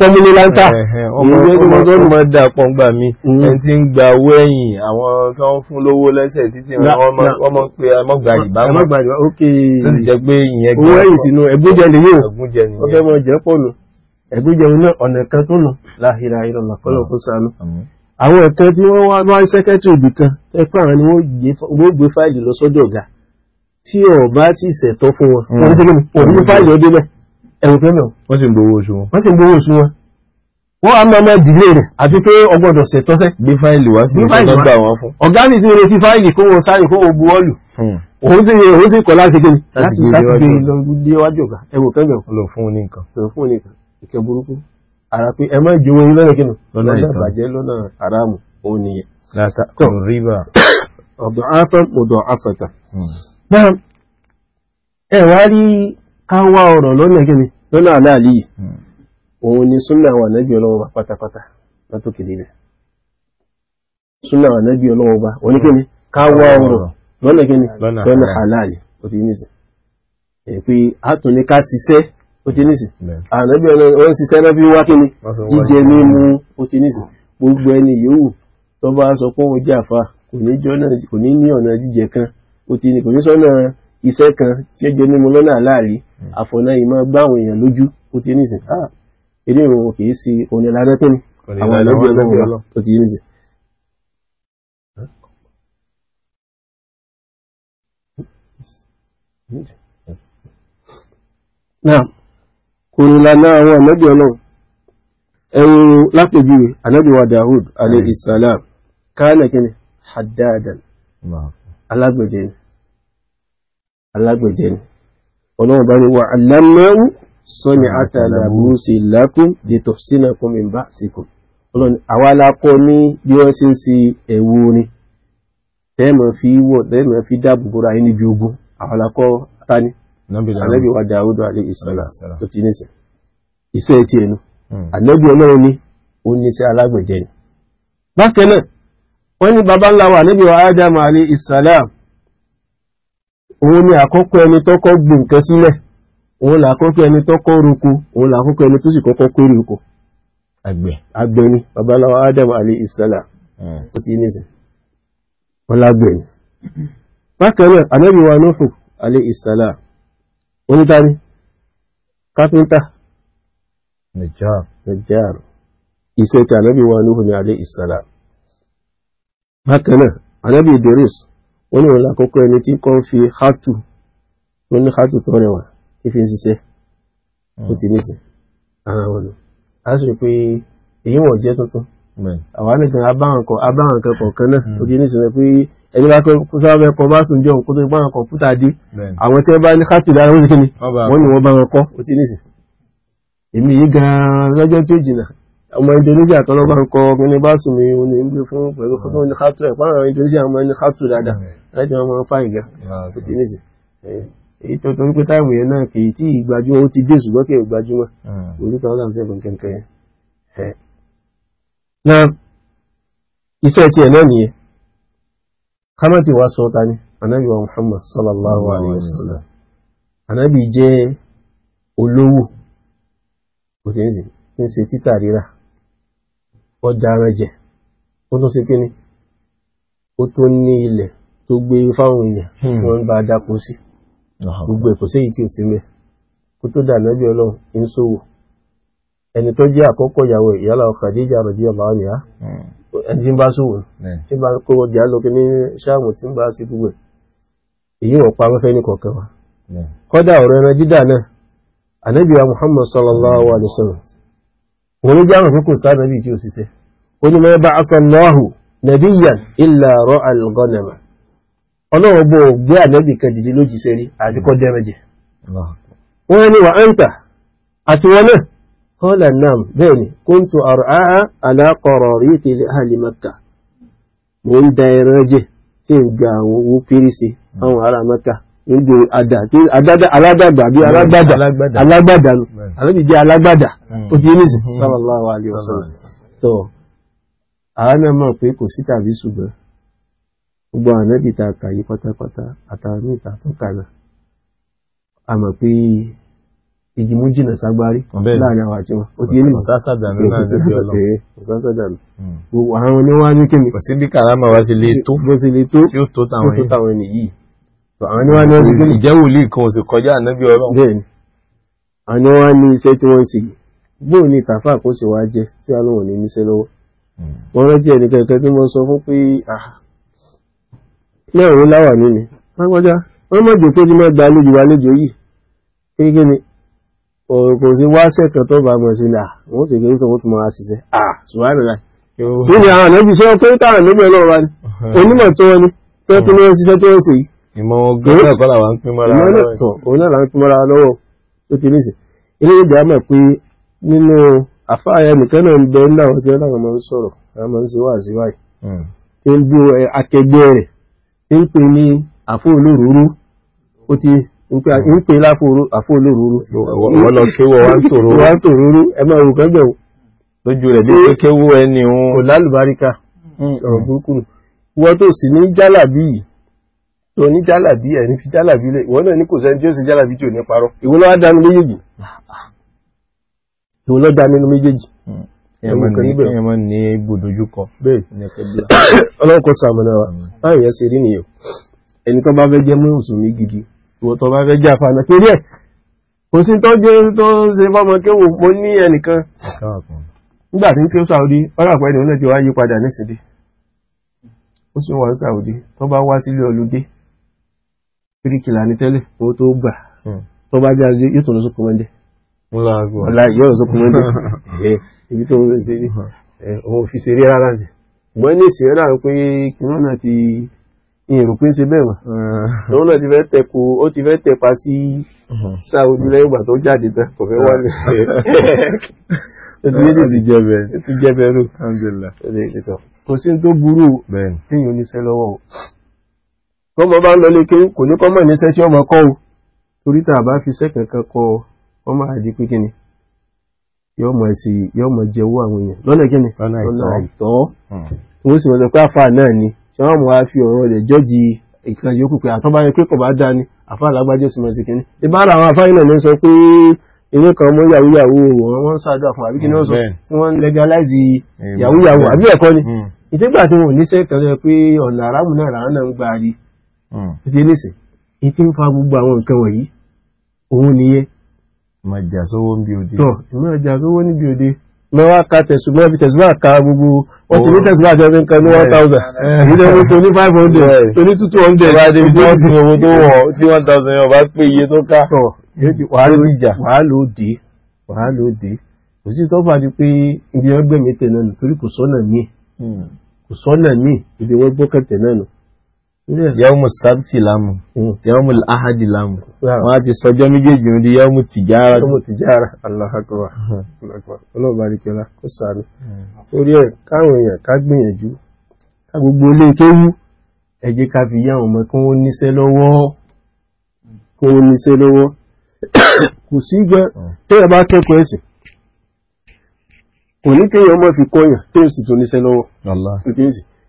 S2: kọ́múlé láńtà ìwé ní wọ́n sọ́nù mọ́ dà pọ̀ngbà mi mm. ẹni tí ń gba owó ẹ̀yìn
S1: àwọn tó ń fún lówó lẹ́sẹ̀ títí wọ́n mọ́ pé ẹmọ́gbà ìbá mọ́ tó
S2: sì jẹ́ pé ìyẹn gbà owó ẹ̀yìn sínú ẹgbújẹ nìyẹn ẹgbújẹ nìyẹn ọkẹ́ mọ́ jẹ́ pọ̀ nù ẹgbújẹ náà ọ̀nà kan tó nù láhìrá ìrọ̀lá kọ́lọ̀ kó àwọn ẹ̀kan ẹ̀rù pé náà
S1: wọ́n sì ń gbowó oṣù wọn
S2: wọ́n sì ń gbowó oṣù wọn wọ́n á máa máa dìlé rẹ̀ àti pé ọgbọ́dọ̀ ṣètọ́sẹ́ gbé fáìlì wá sí ìṣẹ́ gbà wọ́n fún ọ̀gá sì ti retí fáìlì kó wọn sáré kó wọn bu ọ́ọ̀lù
S1: hmm. òun sì yẹ òun sì kọ́ láti gbé láti gbé
S2: déwájú ọ̀gá ẹ̀wò kẹ́gbẹ̀ lọ fún un ẹ <coughs> Ka wá ọ̀rọ̀ lọ́nà kí lọ́nà aláàlì yìí hmm. òun ni súnà àwọn ànábì ọlọ́wọ́ pátápátá látòkè nílẹ̀ súnà àwọn ànábì ọlọ́wọ́ bá òun ni ọ̀rọ̀ lọ́nà kí lọ́nà aláàlì ó ti nísìn èpè àtún ká ṣiṣẹ́ ó ti nísìn hmm. ànábì ọlọ́wọ́ ṣiṣẹ́ náà wá kí
S1: jíjẹ mímu
S2: ó ti iṣẹ́ kan tí ó jẹ́ mímu lọ́nà aláàrí hmm. àfọ̀nà ìmọ̀ gbá àwọn èèyàn lójú ó ti nísìn ah eré ìrùn kì í sí òní ìlànà tó ní
S1: àwọn ìlọ́jọ́ ọlọ́run ó ti nísìn. náà kò ní ìlànà àwọn ìlọ́jọ́
S2: ọlọ́run ẹ̀rù lápèjúwe anábìwá Dawud alayhi hmm. salam kana kí ni haddadan ni alágbẹ̀jẹ̀ ni ọlọ́run bá ní wà alámẹ́wù sọ́ni àtàlàmúsì lákùn dìtọ̀ sínú ẹkùn mi bá síkù ọlọ́run àwa alákọ́ ní bí wọ́n ṣe ń ṣe ẹ̀wù orin fi wọ̀ tẹ́ẹ̀mọ̀ fi dáàbò bora níbi ogun àwa tani ànábì wa dàúdù alẹ́ ìsọ̀lá tó ti níṣẹ́ iṣẹ́ ti ẹnu hmm. ànábì ọlọ́run ni ó níṣẹ́ alágbẹ̀jẹ̀ ni bákan náà wọ́n ní baba ńlá wa ànábì wa ádámù alẹ́ ìsàlám òun ni àkọ́kọ́ ẹni tó kọ́ gbìn nǹkan sílẹ̀ òun là kọ́kọ́ ẹni tó kọ́ roko òun là kọ́kọ́ ẹni tó sì kọ́kọ́ kórè oko àgbẹ̀ àgbẹ̀ ni babaláwa Adam ali isala, hmm. ó ti ní sìn wọ́n lágbẹ̀ ni bákan náà anábì wa Nuhu alayhi salam onídàáni kápẹ́ńtà najjar iṣẹ́ ti wa Nuhu ni alayhi isala. bákan náà anábì Idris wọ́n ní òun àkọ́kọ́ ẹni tí kọ́ ń fi hátù tó ní hátù tó rẹwà tí fi ń ṣiṣẹ́ ó ti ní sìn ara wọn lò á sì pé èyí wọ̀n jẹ́ tuntun àwa nìkan abáhàn kan kọ̀ọ̀kan náà hmm. ó ti ní sìn pé ẹni bá sábà fẹ́ kọ́ bá sùn jọ òkú tó bá wọn kọ̀ǹpútà dé àwọn tí wọ́n bá ní hátù dára wọ́n ní kíni wọ́n ní wọ́n bá wọn kọ́ ó ti ní sìn èmi yìí gan-an lọ́jọ́ tí ó jìnnà ọmọ Indonesia tó lọ́gbà ń kọ kíní bá sùn mí òun ní gbé fún pẹ̀lú fún ní kátù ẹ̀ fáwọn Indonesia ọmọ ní kátù dáadáa láti wọn máa ń fà ìgá ó ti níṣẹ́ eh, èyí tó torí pé táìmù yẹn náà kì í tí ìgbajúmọ̀ ó ti dé ṣùgbọ́n kì í gbajúmọ̀ orí kan láti ṣẹ́gun kẹ̀kẹ́ yẹn. Eh. na iṣẹ́ tiẹ̀ náà nìyẹn kámẹ́tì wa sọ ta ni anabi wa Muhammad sallallahu alayhi wa sallam anabi jẹ́ olówó kò tí ń ṣe títà rírà ọ̀daràn jẹ ó tún ṣe kíni ó tún ní ilẹ̀ tó gbé fáwọn èèyàn tí hmm. wọ́n ń bá dáko sí gbogbo ẹ̀kọ́ sí èyí tí ò sí mẹ́ kó tó dà lẹ́bí ọlọ́run ń ṣòwò ẹni tó jẹ́ àkọ́kọ́ ìyàwó ìyálà Khadija radiyallahu anha hmm. ẹni tí ń bá ṣòwò hmm. tí ń bá kó ọjà ní ṣáàmù tí ń bá sí gbogbo èyí pa ní wa ẹran dídà náà ànábìyà ló sáà nàbì tí ò onímọ̀ bá asọ̀lọ́hù nabiyyan illa ra'a al-ghanama ọlọ́wọ́ bó gbé ànẹ́bì kan dìde lójì sẹ́rí àdíkọ́ dẹ́rẹ́jẹ̀ wọ́n ni wà ń tà àti wọn náà kọ́lá náà bẹ́ẹ̀ ni kuntu ar'aha ala qarariti ahli Makkah mo ń àwọn náà mọ̀ pé kò sí tàbí ṣùgbọ́n gbogbo ànábì ta kà yí pátápátá àtàwọn míì ta tó kà náà a mọ̀ pé igi mú jìnà ságbárí láàrin àwọn àti wọn ó ti yé sásàdànù náà níbi ọlọ́run sásàdànù gbogbo àwọn ni wọ́n á ní kí ni kò sí bí kàrámà wá sí lè tó bó sì lè tó tí ó tó táwọn yìí àwọn ni wọ́n á ní wọ́n sì kí ni ìjẹ́ wòlíì kan ò
S1: kọjá ànábì ọlọ́run
S2: bẹ́ẹ̀ àwọn ni ní iṣẹ́ tí wọ́n ń ṣe gbóòní tàfà kó sì wá jẹ tí alóhùn ní níṣẹ́ lọ́wọ́ wọ́n rẹ́jẹ́ ẹnìkan ìkan tí wọ́n sọ fún pé mẹ́rin ah, láwà mí ni lágbọ́já wọ́n mọ̀ jò pé tí mọ́ gba lójú wa lójú yìí kéèké ni kò sí wá sẹ́kàn tó bá mọ̀ sí náà wọ́n ti kéèké tó wọ́n ti mọ̀ á ṣiṣẹ́ ṣùgbọ́n
S1: nínú àwọn ànábì
S2: ṣe wọ́n pé táwọn ànábì ọlọ́run wa ni
S1: onímọ̀ tó wọn
S2: ni tó ti ní wọ́n ṣiṣẹ́ tó ń ṣe yìí. ìmọ̀ ọgbọ́n náà kọ́ làwọn
S1: ń pín mọ́ra lọ́wọ́. ìmọ̀ náà tọ̀
S2: òun náà làwọn ń pín mọ́ra lọ́wọ́ tó ti ní àfáàyà nìkan náà ń bẹ láwọn tí láwọn máa ń sọ̀rọ̀ àwọn máa ń ṣe wáàsí wáyìí hmm. tí ń bí akẹgbẹ́ rẹ̀ tí ń pè ní àfóolórúurú ó ti ń pè láfóolórúurú wọ́n lọ kéwọ́ wá ń tòrúurú ẹ máa rò kẹ́gbẹ̀ o lójú rẹ̀ bí pé kéwọ́ ẹni òun kò lálùbáríkà hmm. ọ̀rọ̀ burúkú wọ́n tó sì ní jálàbí yìí tó ní jálàbí ẹ̀ ní fi jálàbí lẹ̀ ìwọ́n náà ní kò sẹ́ni tí ó sì jálàbí tí ò ní parọ́ ìwọ́n lọ́wọ́ dánú méjèèjì ìwò lọ́jà nínú méjèèjì
S1: hmm. ẹ̀yẹ̀mọ̀
S2: ní ibùdójúkọ ọlọ́kọ̀ sàmọ̀nà báyìí yẹn ṣe rí nìyẹn ẹni tó bá fẹ́ jẹ́ mùsùlùmí gidi ìwọ tó bá fẹ́ jẹ́ àfààní ẹ̀ kò sí tó jẹ́ tó ń ṣe kéwò mo ní ẹnìkan nígbà tí ń kí ó ọ̀rọ̀ àpẹẹrẹ wá yí padà ó sì wà ń tó bá wá sílé ọlúdé píríkìlà hmm. bá
S1: ọlá yóò sọ kún mọ́ndé
S2: <laughs> eh, ibi tó ń ṣe rí eh, òun fi ṣeré rárá ni ṣùgbọ́n ní ìsìn rẹ̀ pé kí wọ́n náà ti ìrò pé ń ṣe bẹ́ẹ̀ mọ́ <laughs> òun náà ti fẹ́ tẹ̀kọ ó ti fẹ́ tẹ̀pa sí <laughs> sáà ojú lẹ́yìn ìgbà tó jáde tán kò fẹ́ wá ní ẹtù yéde ti jẹ bẹ́ẹ̀ ẹtù jẹ bẹ́ẹ̀ ló alhamdulillah kò sí tó burú téèyàn oníṣẹ́ lọ́wọ́ o kọ́mọ bá ń lọ lé kéwú kò ní kọ́mọ níṣẹ́ tí ọmọ kọ́ o torí tá a bá fi iṣẹ́ kankan kọ́ ọ wọ́n máa di pé kí ni yóò mọ̀ sí yóò mọ̀ jẹ owó àwọn èèyàn lọ́nà kí ni lọ́nà àìtọ́ hmm. wọ́n sì mọ̀ sọ pé àfà náà ni tí wọ́n mọ̀ á fi ọ̀rọ̀ rẹ̀ jọ́jì ìkan yòókù pé àtọ́ bá yẹ pé kò bá dá ni àfà alágbájọ́ sì mọ̀ sí kíní ibà àwọn afáyín náà ló sọ pé ilé kan mọ́ yàwúyàwó wọ́n wọ́n ń sáájú àfún àbí kí ni wọ́n sọ tí wọ́n ń legalize
S1: yàwúyàwó àbí ẹ̀kọ́ ni hmm.
S2: ìtẹ́gbà tí wọn ò níṣẹ́ kan lọ pé ọ̀nà àràmù náà ràá náà ń gba rí hmm. ti nísìn ìtí ń fa gbogbo àwọn nǹkan wọ̀nyí òun nìyẹn máa jà sówó níbi òde. tọ máa jà sówó níbi òde máa wá ka tẹ̀sùn máa fi tẹ̀sùn máa ka gbogbo wọ́n ti ní tẹ̀sùn máa jọ fi ń kan ní one thousand ìdílé owó tó ní five hundred eh. tó ní two hundred. tó bá dé ibi wọ́n ti owó tó wọ̀ tí one thousand yẹn bá pé iye tó ká. tọ wàá ló jà wàá ló dé wàá ló dé kò sí tó fàá pé ibi wọn gbẹ̀mí tẹ̀ náà nù torí kò sọ́nà míì hmm. kò sọ́nà míì ibi wọn gbọ́kàn náà nù yawmu sabti lamu hmm. yawmu ahadi lamu wọn a ti sọjọ́ méjèèjì ní yawmu tijara. yawmu tijara alahakuba hmm. alahakuba olóòbárikẹlá kó sàánú hmm. orí ẹ káwọn èèyàn ká gbìyànjú ká gbogbo ilé kéwú ẹ jẹ́ ká fi yá àwọn ọmọ kí wọn níṣẹ́ lọ́wọ́ kí wọn níṣẹ́ lọ́wọ́ <coughs> kò sí gbẹ téèyàn bá kẹ́kọ̀ọ́ ẹsìn kò ní kéèyàn ọmọ fi kọyàn téèyàn sì tó níṣẹ́ lọ́wọ́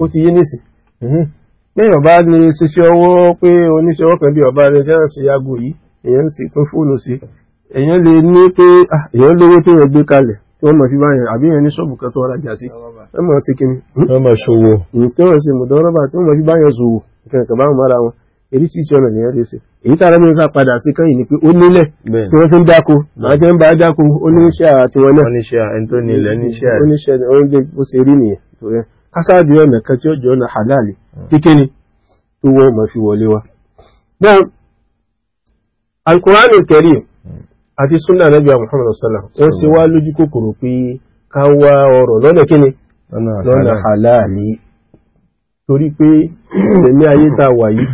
S2: ó ti yé nìsí lẹ́yìn ọba ní ṣiṣẹ́ ọwọ́ pé oníṣẹ́ ọwọ́ kan bí ọba rẹ jẹ́ ṣe yàgò yìí èèyàn sì tún fóònù sí èèyàn lè ní pé ah, èèyàn lówó tí wọ́n gbé kalẹ̀ tí wọ́n mọ̀ fi báyẹn àbí èèyàn ní ṣọ́ọ̀bù kan tó rajà sí wọ́n mọ̀ sí kíni. Hmm? wọ́n mọ̀ ṣòwò. Hmm, tí wọ́n tí wọ́n mọ̀ fi ṣòwò báwọn mọ́ra wọn èyí lè ṣe èyí mi padà kásáàdì ọ̀nà kan tí ó jẹ́ ọ̀nà halali hmm. tí kí ni tó wọ́n mọ̀ fi wọlé wa. náà alkùránì kẹrì àti súnà nàbí Muhammad sọ́là wọ́n sì wá lójú kòkòrò pé ká wá ọ̀rọ̀ lọ́nà kí ni lọ́nà halali torí pé tẹ̀mí ayé tá wà yìí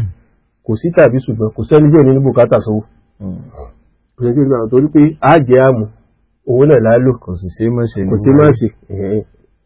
S2: kò sí tàbí ṣùgbọ́n kò sẹ́ni jẹ́ nínú bùkátà sówó hmm. torí pé a àmù owó náà lálò kò sí máa ṣe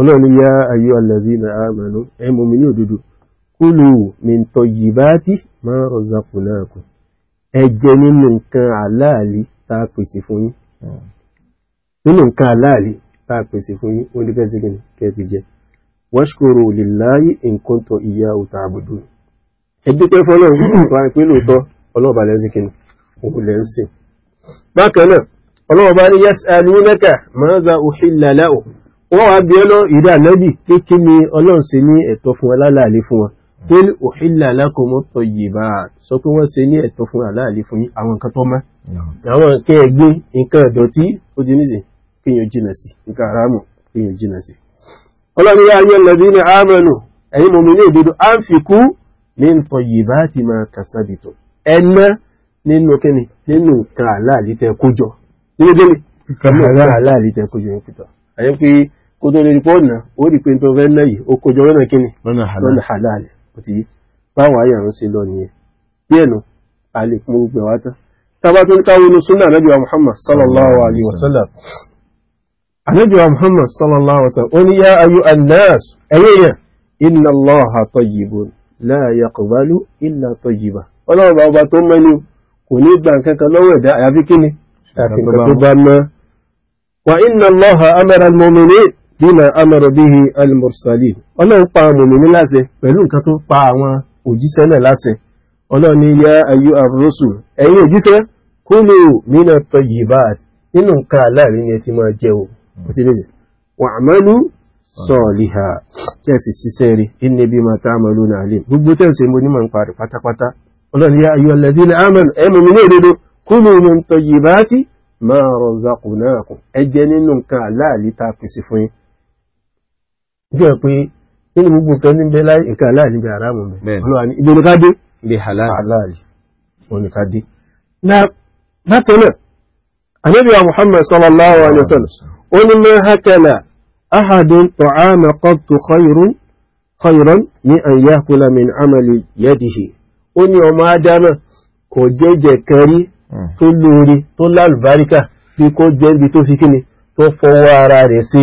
S2: ọlọ́ni yá ayé alladhina amanu ẹmọ mi ní òdodo kúlù min tayyibati ma razaqnakum ẹ jẹ nínú nǹkan àláàlì tá a pèsè fún yín nínú nǹkan àláàlì tá a pèsè fún yín ó ní kẹ́sìkìnì kẹ́ ti jẹ washkuru lillahi in kuntum iyyahu ta'budun ẹ dúpẹ́ fọ́lọ́ wà pé lóòótọ́ ọlọ́ọ̀bà wọ́n wá bí ọlọ́ ìrí ànábì pé kí ni ọlọ́run ṣe ní ẹ̀tọ́ fún aláàlẹ́ fún wọn pé òhìlà alákòmọ́ tọ yìbá sọ pé wọ́n ṣe ní ẹ̀tọ́ fún aláàlẹ́ fún yí àwọn nǹkan tó má àwọn nǹkan ẹ̀gbin nǹkan ẹ̀dọ̀tí ó di níṣẹ́ kéèyàn jìnà sí nǹkan àrámù kéèyàn jìnà sí. ọlọ́run yá ayé lọ́bí ní àmọ́nù ẹ̀yin mọ̀mí ní ìdodo à ń fi kú ní tọ yìbá ti máa kàṣàbìtọ̀ ẹ̀ná nínú kó tó lè rí pọ́ ọ̀nà ó rí pé tó fẹ́ náà yìí ó kójọ lọ́nà kíni lọ́nà halal kò tí báwọn ayé àrùn sí lọ nìyẹn díẹ̀ nù a lè kún gbogbo ẹ̀wá tán tábà tó ń káwọn ní súnà anábì wa muhammad sallallahu alayhi wa sallam anábì wa muhammad sallallahu alayhi wa sallam ó ní yá ayú anas ẹ̀yẹ́ yẹn inna lọ́wọ́ ẹ̀dá àyàfi kíni àfi tó bá mọ́ wa inna allaha amara al bíma amara bihi al-mursalin ọlọ́run pa àwọn mòmìnì láṣẹ pẹ̀lú nǹkan tó pa àwọn òjíṣẹ́ náà láṣẹ ọlọ́run ni yá ayú ar-rusul ẹ̀yin òjíṣẹ́ kulu mina tayyibat nínú nǹkan aláàrin ẹ ti máa jẹ o wa'malu saliha kẹ́sì ṣiṣẹ́ rí inni bima ta'maluna alim gbogbo tẹ́sì mo ní ma ń parí pátápátá ọlọ́run yá ayú allazina amanu ẹ̀mọ̀ mi ní òdodo nínú nǹkan aláàlítà pèsè fún yín jẹ́ pé nínú gbogbo nǹkan níbẹ̀ láì nǹkan láì níbi àrámù mẹ́ ọlọ́wà ní ibi oníkádé lè halali oníkádé na bákan náà anábì wa muhammad sallallahu alaihi wasallam ó ní ma hakala ahadun ta'ama qattu khayrun khayran ní an yakula min amali yadihi ó ní ọmọ adama kò jẹ́jẹ̀ kẹrí hmm. tó lóore tó lálùbáríkà bí kò jẹ́ ibi tó fi kíni tó fọwọ́ ara rẹ̀ sí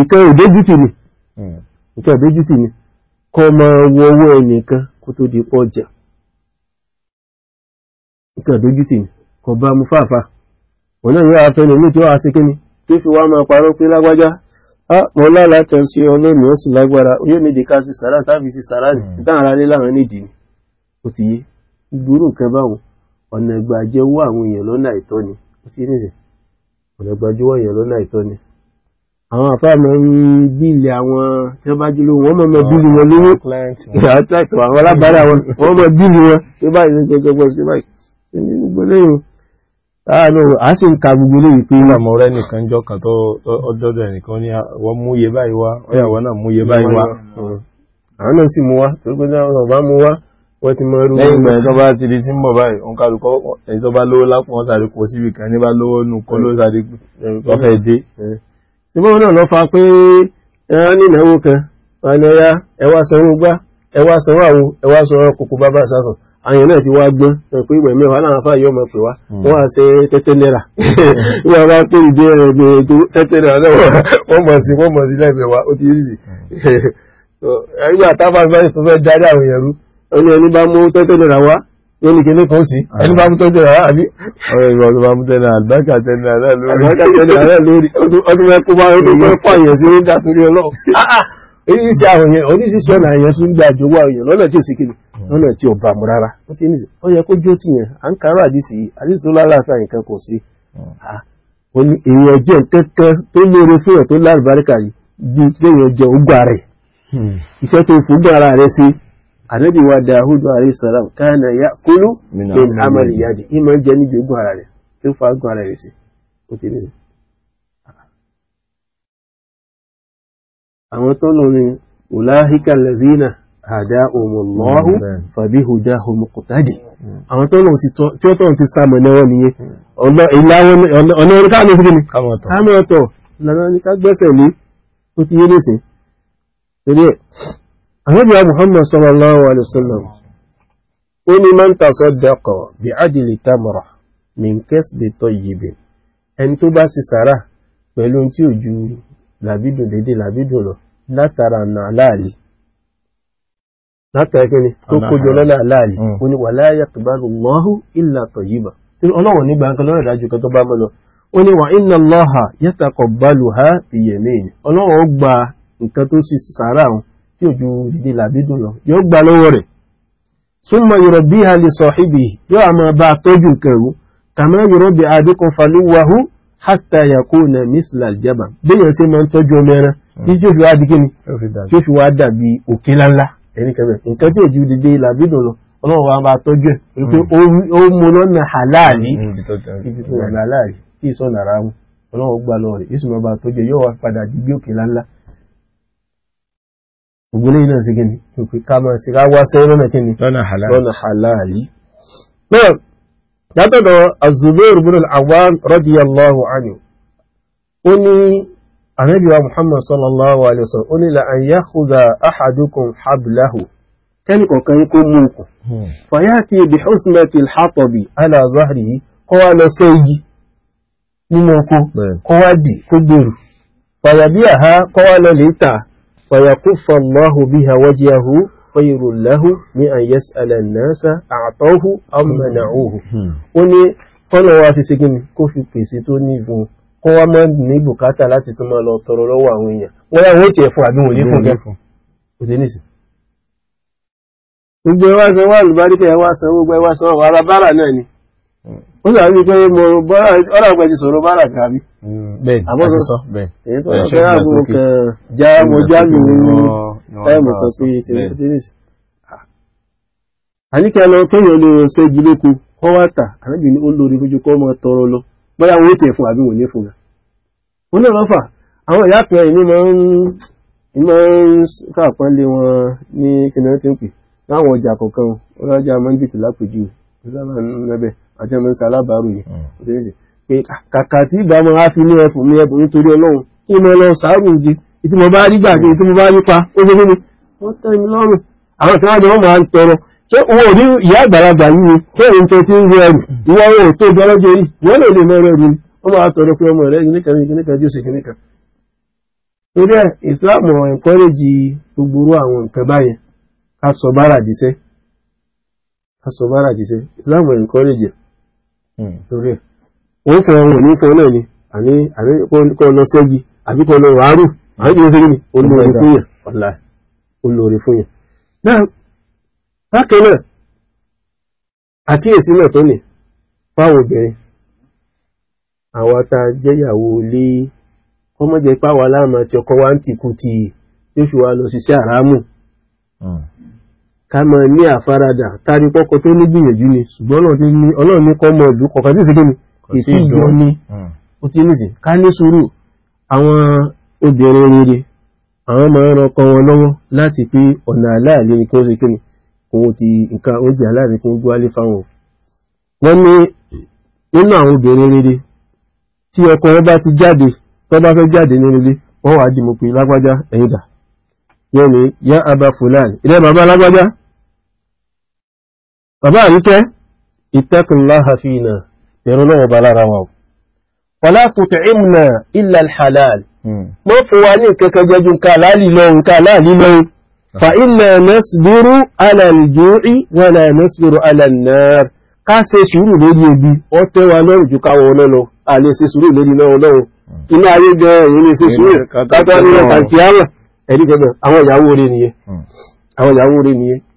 S2: ìkan ìdójútì ni hmm. ìkan ìdójútì ni kọ́ máa wọ owó ẹnìkan kó tó di pọ́ jẹ ìkan ìdójútì ni kọ́ bá mú fàáfà wọn náà yóò afẹ́ lómi tí ó wá sí ni. tí fi wá máa parọ́ pé lágbájá mọ lára tẹ̀sí ọlọ́mìí ó sì lágbára sí sàrá sí sàrá lé láwọn nídìí ni ó ti yé gbúrú nǹkan ọ̀nà àwọn èèyàn lọ́nà àìtọ́ ni ó ti ní ìsìn ọ̀nà èèyàn lọ́nà àìtọ́ ni àwọn àfáàmọ́ ń bílì àwọn tí wọ́n bá jí lówó wọ́n mọ̀ bílì wọn lówó ìyàtọ̀ àwọn alábàárà wọn wọ́n mọ̀ bílì wọn tó báyìí ní gbogbo ṣe báyìí ní gbogbo lẹ́yìn ah, láàánú a sì ń ka gbogbo lẹ́yìn pé ìlàmọ̀ rẹ nìkan jọ kan tó ọdọ́dọ̀ ẹnìkan ní ah, wọ́n mú iye báyìí wá ọyà wọn náà mú iye báyìí wá hmm. àwọn náà sì mú wá torí pé náà bá mú wá wọ́n ti mọ irú lẹ́yìn ìgbà ẹ̀tọ́ ti di tí báyìí òun kálukọ́ ẹ̀tọ́ bá lówó lápò wọn sáré síbi kan ní síbọ́n náà lọ fa pé ẹran ní ìnáwó kan wani ọya ẹwà sanwó gbá ẹwà sanwó àwo ẹwà sanwó kòkó bàbá sásàn àyàn náà ti wá gbọ́n pé ìwẹ̀ mẹ́wàá láwọn afá yọ ọmọ pè wá hmm. wọ́n á ṣe tẹ́tẹ́ náírà <laughs> wọ́n bá pé ìdí ẹ̀rọ ìgbèrè tó tẹ́tẹ́ náírà náà wọ́n mọ̀ sí wọ́n mọ̀ sí lẹ́gbẹ̀ẹ́ wa ó ti rí sí <laughs> ẹgbẹ́ àtàfà fẹ́ darí àwọn èèyàn ẹni ẹni bá mú tẹ́tẹ́ náírà wá ó ní kíní kan sí ah. ẹni bá mú tọ́jú rárá àbí ọ̀rọ̀ ìwọ̀n tó bá mú tẹ́lẹ̀ àlùbáríkà tẹ́lẹ̀ ará lórí àlùbáríkà tẹ́lẹ̀ ará lórí ọdún mẹ́kú máa ń dùn mẹ́kú àyẹ̀ sí oúnjẹ àtúrí ọlọ́run ah, ah. oríṣiríṣi àwọn èèyàn oríṣiríṣi ọ̀nà àyẹ̀ fi ń gba àjọwọ́ àwọn èèyàn lọ́nà tí ò sí kíni hmm. lọ́nà tí ò bá mu rárá ó ti ní ó yẹ kó jó tì yẹn à ń karọ́ àdìsí àdìsí tó lálàáfíà nǹkan kò sí hmm. èèyàn jẹ́ kankan tó lóore fún ẹ̀ tó lálùbáríkà yìí ju tí èèyàn jẹ́ ògbà rẹ̀ hmm. iṣẹ́ tó fògbà ara rẹ̀ sí ànábì wa Dáhùdù àríṣàlám káàna yá kúlú
S1: min amali
S2: yadi ìmọ̀ jẹ́ ara rẹ̀ ń fa ogun ara rẹ̀ sí ó ti nìyẹn. àwọn tó lọ ní ulaahika lazina àdá òmùlọ́hù fàbí hùdá homokotaji àwọn tó lọ tí ti àrẹ́bíà muhammad sallallahu alaihi wasallam ó ní man tasaddaqa bí ajli tamra min kasbi tayyibin ẹni tó bá sì sàrà pẹ̀lú tí ò ju làbídùn dédé làbídùn lọ látara nà láàlì látara kí ni tó kójọ lọ́lá láàlì hmm. ó ní wala yaqbalu Allahu illa tayyiba ọlọ́wọ̀n nígbà kan lọ́rọ̀ ìdájú kan tó bá mọ́ lọ ó ní wà inna Allaha yataqabbaluha biyamini ọlọ́wọ̀n ó gba nǹkan tó sì sàrà wọn tí òjú ìdí làbídùn lọ yóò gbà lọ́wọ́ rẹ̀ súnmọ̀ yọ̀rọ̀ bí i halì sọ̀híbì yóò a máa bá tọ́jú kẹrù tàmá yọ̀rọ̀ bí adékun falúwahú hátà yàkó na mísìlà jẹba bẹ́yàn sí máa ń tọ́jú ọmọ ẹran tí tí ó fi wá di kíni tí ó fi wá dàbí òkè láńlá ẹni kẹfẹ nǹkan tí òjú ìdí làbídùn lọ ọlọ́run wa máa tọ́jú ẹ̀ wípé hmm. ó mú lọ́nà àláàlì hmm, ibi tó tí ìsọ̀nà ara wọn ọlọ́run gbà lọ rẹ̀ ìsúnmọ́ tọ́jú yóò wá padà di bí òkè láńlá gbogbo lẹ́yìn náà sí gini pípẹ́ ká máa sí káwá sẹ́yìn lọ́nà kíni lọ́nà halali náà látọ̀dọ̀ az-Zubair ibn al-Awwam radiyallahu anhu ó ní anábíwa Muhammad sallallahu alaihi wasallam ó ní la an yakhudha ahadukum hablahu kẹ́ni kọ̀ọ̀kan yí kó mú ikùn hmm. fayati bi husnati al-hatabi ala zahrihi kọ́ wá lọ nínú oko kọ́ dì kó gbèrú fàyàbíà ha kọ́ lọ lè ta فيكف الله بها وجهه خير له من أن يسأل الناس أعطوه أم hmm. منعوه وني hmm. kọ́nà wa fi ṣe gíní kó fi pèsè tó ní ìfún kó wá mọ́ ní bùkátà láti tún máa lọ tọrọ lọ́wọ́ àwọn èèyàn wọ́n yá wọ́n tiẹ̀ fún àbí wọ́n lè fún kẹfún òtẹ́ nìsí. gbogbo ẹwà sanwó àlùbáríkà ẹwà sanwó gbogbo ẹwà sanwó ara náà ni ó sì àbí pé mo ọ̀rọ̀ àpẹ ti sọ̀rọ̀ bára kan àbí.
S1: bẹ́ẹ̀ àmọ́ sọ bẹ́ẹ̀ èyí tó lọ fẹ́ràn mo já mo já mi ní táìmù kan sí lọ
S2: kéèyàn lè lóko kọ́ wá tà ó lórí kọ́ mọ́ tọrọ lọ bóyá tẹ̀ fún àbí ní fún náà lọ́fà àwọn ìyá máa ń máa ń wọn ní àti ọmọ ìsàlábàárù yìí hmm. pé ah, kàkà tí ìbámu á fi ní ẹfùn mi ẹbùn nítorí ọlọ́run kí mo lọ sàárù di ìtí mo bá rí gbàgbé ìtí hmm. mo bá rí pa ó ṣe fún mi wọ́n tẹ́ mi lọ́rùn àwọn ìfẹ́ àjọ wọn máa ń tọrọ ṣé owó ní ìyá àgbàlagbà yìí ni kí èyí tó ti ń rí ẹrù hmm. ìwọ owó tó gbọ́rọ́ jẹ yìí wọ́n lè lè mọ ẹrù ni wọ́n máa tọrọ pé ọmọ rẹ nìkan nìkan tí ó ṣe nìkan. torí ẹ ìsìláàmù ẹ̀ńkọ́rẹ́jì gbogbo àwọn nǹkan báyẹn ká sọ bára jíṣẹ́ ká sọ bára jíṣẹ́ ìsìláàmù ẹ̀ńkọ́rẹ́jì Hmm. torí ẹ̀. wọ́n na ohun òní fún ọ náà ni àní àní kọ́ lọ sẹ́gi àbí kọ́ lọ ràárù àwọn ìdíwọ́ sẹ́gi ni olóore fún yàn ọ̀la olóore fún yàn. náà bákan náà àkíyèsí náà tó ní fáwọn obìnrin àwa tá a wa ń tìkú ti fi lọ ká mọ ní àfaradà tari pọ́kọ tó ní gbìyànjú ni ṣùgbọ́n ọlọ́run ní kọ́ mọ̀ ìlú kọ̀ọ̀kan sí ìṣègbè ni ìjọ hmm. ti ká ní sùúrù àwọn obìnrin rere àwọn ọmọ ẹran kan wọn lọ́wọ́ láti pé ọ̀nà aláàlè ni kí ti nǹkan oúnjẹ wọn ní nínú àwọn obìnrin rere tí wọn bá ti jáde tó bá fẹ́ jáde nínú ilé wọ́n wàá lágbájá ẹ̀yìn bàbá àríkẹ́ ittaqillaha fina ẹ̀rọ lọ́wọ́ bá lára wa wala tut'imna illa al-halal mọ́ hmm. fún wa ní kẹ́kẹ́ jẹ́jú kàláàlì lọ́run kàláàlì lọ́run ah. fa inna nasbiru ala al-ju'i wala nasbiru ala an-nar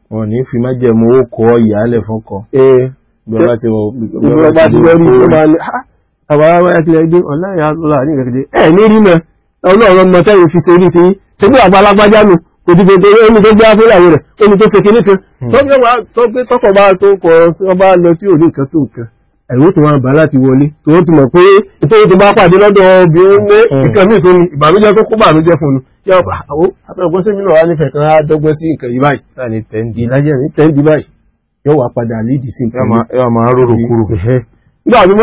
S2: wọn ní fi májẹ̀mú ó kọ́ ìyálẹ̀ fọ́kọ. ìjọba ti wọ ìjọba ti wọ ní ìjọba ní àwọn ará yá kílẹ̀ dé ọ̀la ìyá ọ̀la ní ìrẹ̀kẹ̀dẹ̀ ẹ̀ ní rí mẹ́ ọlọ́run ọmọ tẹ́yìn fi ṣe rí ti ṣe bí àgbà alágbájá nù òdìdè tó omi tó gbé ápẹ́lẹ̀ rẹ̀ omi tó ṣe kìnnìkan hmm. tọ́kọ̀ bá tó kọ̀ ọba lọ tí ò ní nǹkan tó ẹ̀rú tó wọn bá láti wọlé tó ó ti mọ̀ pé nítorí tó bá pàdé lọ́dọ̀ obìnrin ní mm. nǹkan míì tó ní ìbànújẹ́ tó kó bànújẹ́ fún un abẹ́rẹ́gbọ́n sí kan sí nǹkan yìí báyìí ní tẹ́ǹdì lájẹ́ ní tẹ́ǹdì báyìí padà lídìí sí nǹkan yìí máa kúrò. nígbà tó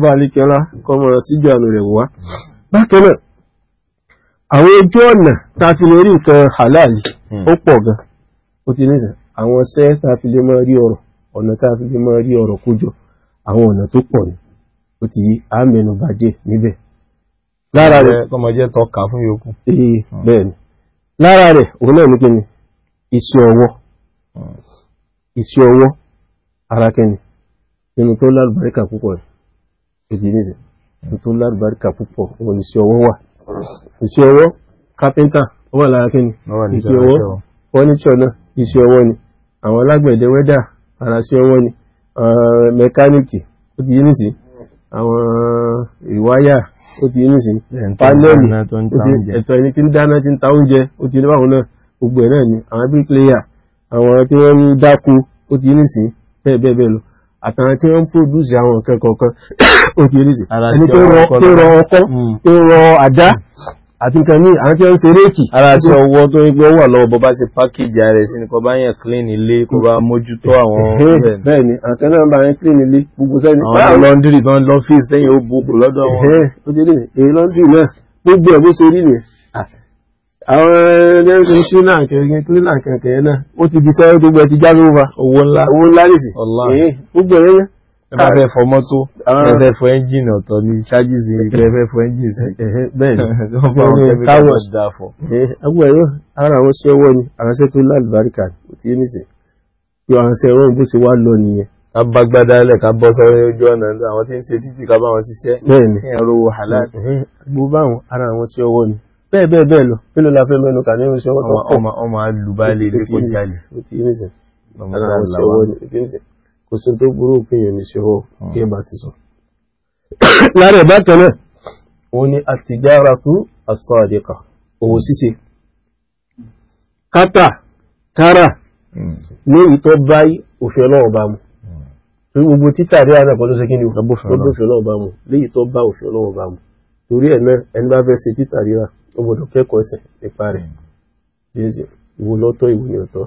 S2: gbà ní tó bá jẹ́ bákan náà àwọn ojú ọ̀nà tá a fi lè rí nǹkan halal hmm. ó gan ó ti àwọn ṣẹ́ tá a fi lè mọ́ rí ọ̀rọ̀ ọ̀nà tá a fi lè mọ́ rí ọ̀rọ̀ kójọ àwọn ọ̀nà tó pọ̀ ni ó ti yí á mẹ́nu níbẹ̀ lára rẹ̀ fún yòókù hmm. bẹ́ẹ̀ ni lára òun náà ní ni iṣẹ́ ọwọ́ hmm. iṣẹ́ ọwọ́ ara kẹ́ni nínú tó lálùbáríkà púpọ̀ rẹ̀ ó tó tó lárúbáríkà púpọ̀ wọn iṣẹ́ ọwọ́ wà iṣẹ́ ọwọ́ kápẹ́ntà ó wà lára kíni iṣẹ́ ọwọ́ fọ́níṣọ̀ náà iṣẹ́ ọwọ́ ni àwọn alágbẹ̀dẹ wẹ́dà ara iṣẹ́ ọwọ́ ni mẹkáníìkì ó ti yé nìsí àwọn ìwáyà ó ti yé nìsí pánẹ́lì ẹ̀tọ́ ẹni tí ń dáná tí ń ta oúnjẹ ó ti lọ́wọ́ náà gbogbo ẹ̀ náà ni àwọn bíríkìlẹ́yà àwọn tí wọ́n ń dáko ó ti yé nìsí bẹ́ẹ̀ bẹ́ẹ̀ bẹ́ẹ̀ lọ àtàwọn tí wọ́n ń pòdúsì àwọn nǹkan kọ̀ọ̀kan <coughs> ó ti rí sí ẹni tó rọ ọkọ́ tó rọ àdá àti nǹkan ní àwọn tí wọ́n ń ṣe réèkì. ara tí ọwọ́ tó ń gbé wà lọ́wọ́ bọ́ bá ṣe pákéjì ààrẹ sí ni bá yàn clean ilé kò bá mójútó àwọn. bẹ́ẹ̀ ni àti náà bá àwọn ẹlẹ́rìn sí náà kẹrẹ tó nílà kẹrẹ náà ó ti di sẹ́yẹ́ gbogbo ẹ ti já lóòfà owó ńlá owó ńlá nìsí gbogbo ẹ̀yẹ́ yẹn ẹ̀bá fẹ́ fọ mọ́tò ẹ̀fẹ́ fọ ẹ́ńjìnì ọ̀tọ̀ ní ṣáàjì sí ẹ̀fẹ́ fọ ẹ́ńjìnì sí bẹ́ẹ̀ ni <laughs> wọ́n fọ àwọn kẹ́míkà dà fọ. agbó ẹ̀yọ́ ara àwọn ṣẹ́ ọwọ́ ni àránṣẹ́ tó lálùbáríkà kò tí ní sè pé àránṣẹ́ ọwọ́ bó ṣe wá lọ nìyẹn. ká bá gbádá lẹ̀ ká bọ́ sọ́wọ́ ojú ọ̀nà àwọn tí ń ṣe títì ni bẹ́ẹ̀ bẹ́ẹ̀ bẹ́ẹ̀ lọ pé ló la fẹ́ mẹ́nu kà ní oṣù ọwọ́ tó pọ̀ ọmọ alùbálẹ̀ ilé kó jalè kò sí tó burú òpìyàn ní ṣòwò hmm. kí ẹ bá ti sọ <coughs> lára ẹ̀ bákan náà òun ni àtijára fún àṣọ àdìkà òwò ṣíṣe kátà kárà ní ìtọ́ bá òfin ọlọ́wọ́ bá mu hmm. torí gbogbo títà rí àná kan ló ṣe kí ni òfin ọlọ́wọ́ bá mu léyìí tó bá òfin ọlọ́wọ́ bá mu torí ẹ̀ náà ẹni bá fẹ́ ṣe títà ríra ó gbọ́dọ̀ kẹ́kọ̀ọ́ ẹ̀sìn nípa rẹ̀ jésù ìwo lọ́tọ̀ ìwo ni ọ̀tọ̀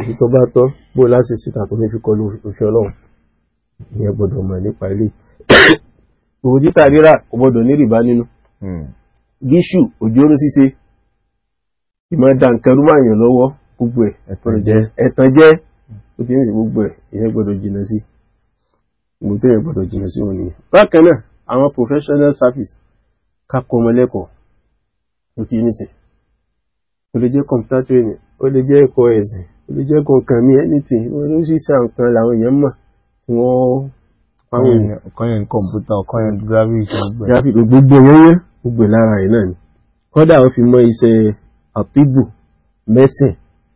S2: èyí tó bá tọ́ bó láti síta tó ní fi kọlu òfin ọlọ́run ìyẹn gbọ́dọ̀ mọ̀ nípa ilé òwò títà rírà kò gbọ́dọ̀ ní rìbá nínú hmm. gíṣù òjòrò ṣíṣe ìmọ̀ ẹ̀dà nǹkan rúmọ̀ èèyàn lọ́wọ́ gbogbo ẹ̀ ẹ̀tàn jẹ́ ó ti ń sìn gbogbo ẹ̀ ìyẹn gbọ́dọ̀ jìnnà sí gbogbo ẹ̀ gbọ́dọ̀ jìnnà sí wọn nìyẹn bákan náà àwọn professional service kápọ̀ ọmọlẹ́kọ̀ọ́ tó ti nísìn ó lè jẹ́ computer training ó lè jẹ́ ẹ̀kọ́ ẹ̀sìn ó lè jẹ́ ẹ̀kọ́ nǹkan mi anything wọ́n ló sì sàn kan làwọn èèyàn mọ̀ tí wọ́n pàwọn èèyàn. ọ̀kan yẹn kọ̀m̀pútà ọ̀kan yẹn graphics gbogbo yẹn gbogbo lára rẹ̀ náà ni kódà ó fi mọ iṣẹ́ àpíbù mẹ́sìn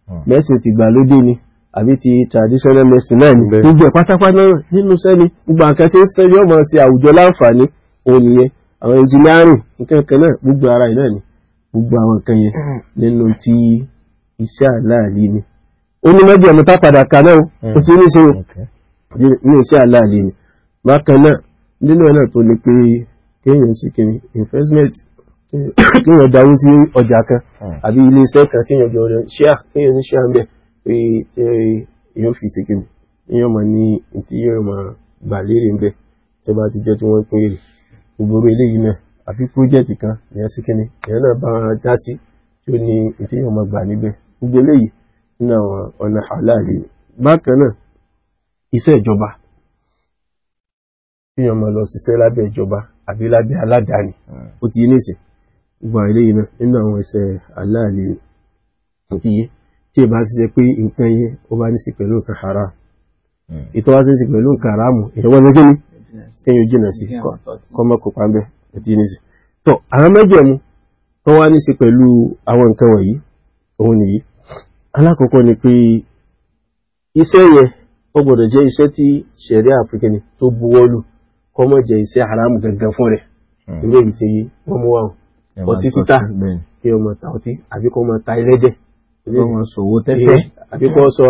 S2: hmm. mẹ́sìn ti gbàlódé ni àbí ti traditional medicine náà ni gbogbo ẹ̀ pátápátá nínú sẹ́ni gbogbo àǹkan sẹ́ni ọmọ sí àwùjọ láǹfààní òun nìyẹn àwọn ìjìnlárìn nǹkan kan náà gbogbo ara ẹ̀ náà ni gbogbo àwọn nǹkan yẹn mm. nínú ti iṣẹ́ àláàlì ni ó ní mẹ́jọ ọmọ tápadà kan náà mm. ó ti ní ṣe ní iṣẹ́ àláàlì ni bákan náà nínú ẹ̀ náà tó ní pé kéèyàn sí kí investment kéèyàn <coughs> dáwó sí ọjà kan mm. àbí ilé iṣẹ́ kan kéèyàn jọ rẹ̀ ṣíà kéèyàn ní ṣíà ń bẹ̀ pé èèyàn fi ṣe kí ni èèyàn ní ti gbà lérè ń bẹ̀ tí ó bá ti jẹ́ tí wọ́n pín èrè gbogbo eléyìí náà àfi pírójẹ́tì kan ìyẹn sí kíni ìyẹn náà bá wọn dá sí tí ó ní ètí yẹn ọmọ gbà níbẹ̀ gbogbo eléyìí nínú àwọn ọ̀nà àláàlì bákan náà iṣẹ́ ìjọba tí yẹn máa lọ ṣiṣẹ́ lábẹ́ ìjọba àbí lábẹ́ aládàáni ó ti yé nìsín gbogbo eléyìí náà nínú àwọn iṣẹ́ àláàlì ti yé tí ìbá ti ṣe pé nǹkan yẹn ó bá ní sí pẹ̀lú nǹkan haram ìtọ́wá hmm. sí pẹ̀lú nǹkan haram ìyẹn wọ́n ní kíni kéyìn jìnà sí kọ́mọ́kù pàmbẹ́ àti yìí nìsí tọ́ àwọn mẹ́jẹ̀mú tó wá ní sí pẹ̀lú àwọn nǹkan wọ̀nyí òun nìyí alákọ̀ọ́kọ́ ni pé iṣẹ́ yẹn ó gbọ́dọ̀ jẹ́ iṣẹ́ tí ṣẹ̀rí àfikẹ́ ni tó buwọ́lù kọ́mọ́ jẹ́ iṣẹ́ haramu gangan fún rẹ̀ hmm. ilé ìbí ti yí wọ́n mú wà ọtí títà kí ọmọ ta ọtí àbí kọ́ ọmọ ta ẹlẹ́dẹ̀ àbí kọ́ sọ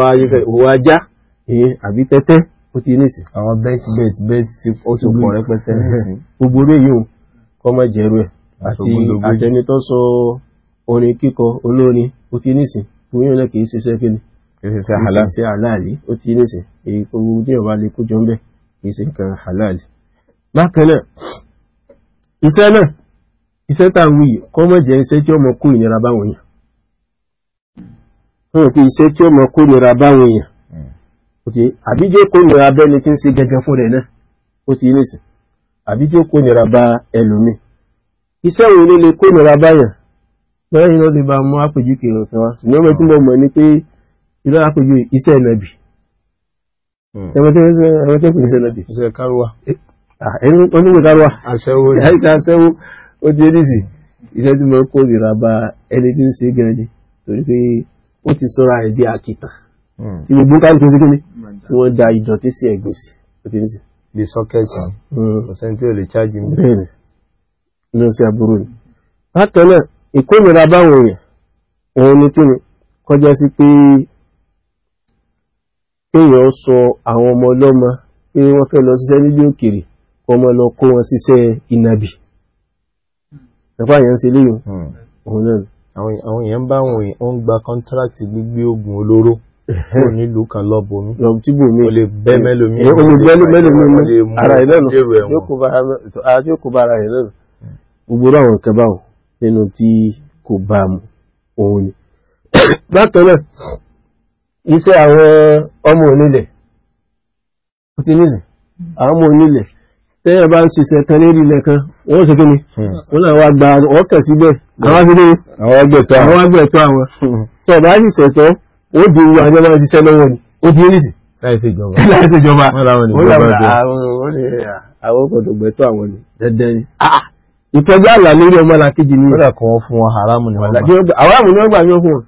S2: ó ti nísì. àwọn bet bet bet ti ó ti pọ̀ rẹpẹtẹ nísì. gbogbo orí yìí kọ́ mọ̀ jẹ́rú ẹ̀ àti àtẹni tó sọ orin kíkọ olórin ó ti nísì fún yóò náà kì í ṣiṣẹ́ kí ni. kì
S1: í ṣiṣẹ́ halal kì í ṣiṣẹ́
S2: halali ó ti nísì èyí kò gbogbo tí yorùbá lè kójọ ń bẹ̀ kì í ṣe nǹkan halali. bákan náà iṣẹ́ náà iṣẹ́ tá à ń wí yìí kọ́ mọ̀ jẹ́ iṣẹ́ tí ọmọ kó ìnira báwọn èèyàn. fún òkè iṣẹ́ tí ọmọ kó ìnira báwọn èèyàn òtí àbíjẹ́ kó nira bẹ́ni tí ń ṣe gẹ́gẹ́ fún rẹ̀ náà ó ti nísìn àbíjẹ́ kó nira bá ẹlòmí iṣẹ́ wo ló lè kó nira báyàn lọ́yìn náà lè bá mú àpèjú kèrò kan wá ṣùgbọ́n mo tí mo mọ̀ ní pé ìlú àpèjú iṣẹ́ ẹ̀nàbì hmm. ẹ̀mọ́ tí wọ́n tẹ́kùn iṣẹ́ ẹ̀nàbì iṣẹ́ kárúwà ẹ̀rú oníwò tí mo kó nira bá ẹni tí ń ṣe gẹ́gẹ́ torí pé ó ti sọ́ra ẹ̀dí àkìtàn hmm. tí gbogbo kálukú sí kíní tí wọ́n da ìdọ̀tí sí ẹ̀gbẹ̀ sí ọtí ní sí. bí sọ́kẹ́tì ọ̀sẹ̀ntì ah. mm. ò lè chájì mi. bẹ́ẹ̀ ni lọ sí aburú ni. bákan náà ìkórìíra báwọn èèyàn òun ni kí ni kọjá sí pé kéèyàn sọ àwọn ọmọ ọlọ́mọ pé wọ́n fẹ́ lọ ṣiṣẹ́ nílé òkèrè kọ́ ọmọ lọ kó wọn ṣiṣẹ́ ìnàbì ẹ̀fọ́ àyẹ̀ ń ṣe léyìn
S1: àwọn èèyàn bá wọn ń gba kọ́ńtíráàtì gbígbé oògùn olóró kúrò nílùú kan lọ bomi tí bomi o lè bẹ́ mẹ́lòmí o lè bẹ́ mẹ́lòmí ara ẹ̀ lẹ́nu
S2: àti òkú bá ara ẹ̀ lẹ́nu gbogbo àwọn nǹkan báwọn nínú tí kò bá mu òun ni <coughs> bákan náà iṣẹ́ àwọn ọmọ onílẹ̀ ó ti nísìn àwọn ọmọ onílẹ̀ tẹ́yẹ̀ bá ń ṣiṣẹ́ kan lérí ilẹ̀ kan wọ́n sì kíni hmm. wọ́n náà wá gba ọkẹ̀ síbẹ̀ hmm. àwọn agbẹ̀tọ́ àwọn tó bá hmm. sì ṣẹ̀tọ́ ó di wu àwọn ọmọ ìṣiṣẹ́ lọ́wọ́ ni ó ti rí sí.
S1: láìsí ìjọba <laughs> láìsí
S2: ìjọba àwọn ọkọ̀ tó gbẹ̀tọ́ àwọn ni dandan ni. Ah, ah. ìtọ́jú àlà lórí ọmọ làkejì ni. kódà
S1: kan fún wọn haramu ni wọn gbà.
S2: haramu ni wọn gbà ní ọkùn wọn.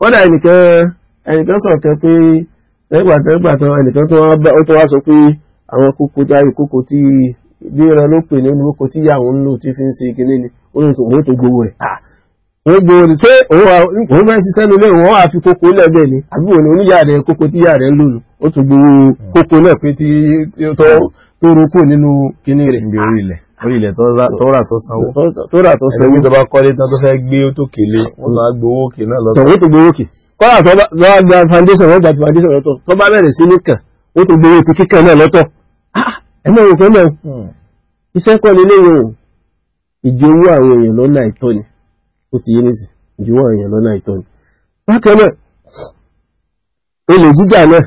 S2: kódà ẹnìkan ẹnìkan sọ̀rọ̀ kan pé ẹgbà tẹ́gbà tán ẹnìkan tó wá sọ pé àwọn kókó járe kókó tí bí ìran ló pè ní oníkókó tí ìyá wọ́n gbòòrò ṣé òun máa ń ṣiṣẹ́ nílé wọn á fi kókó lẹ́gbẹ̀ẹ́ ni àbí òun oníyà rẹ̀ kókó tíyà rẹ̀ ń lò nù ó tún gbowó kókó náà pé tí tó rokò nínú kíní rẹ̀. ibi orí ilẹ̀ orí ilẹ̀ tó rà tó sanwó tó rà tó sanwó tó bá kọ́lé tán tó fẹ́ gbé tó kélé wọ́n máa gbowó òkè náà lọ́tọ̀. tọ̀wọ́ tó gbowó òkè kọ́lá tó bá gba foundation wọ́n gba ti foundation lọ́tọ̀ tó bá bẹ̀rẹ̀ sí nìkan ó tó gbowó ti kíkàn náà lọ́tọ̀ ẹ̀mọ́ òkè náà iṣẹ́ o ìjòwó àwọn èèyàn ó ti yé nísì ju wọ́n èèyàn lọ́nà ìtọ́ ni bákan náà olè jíjà náà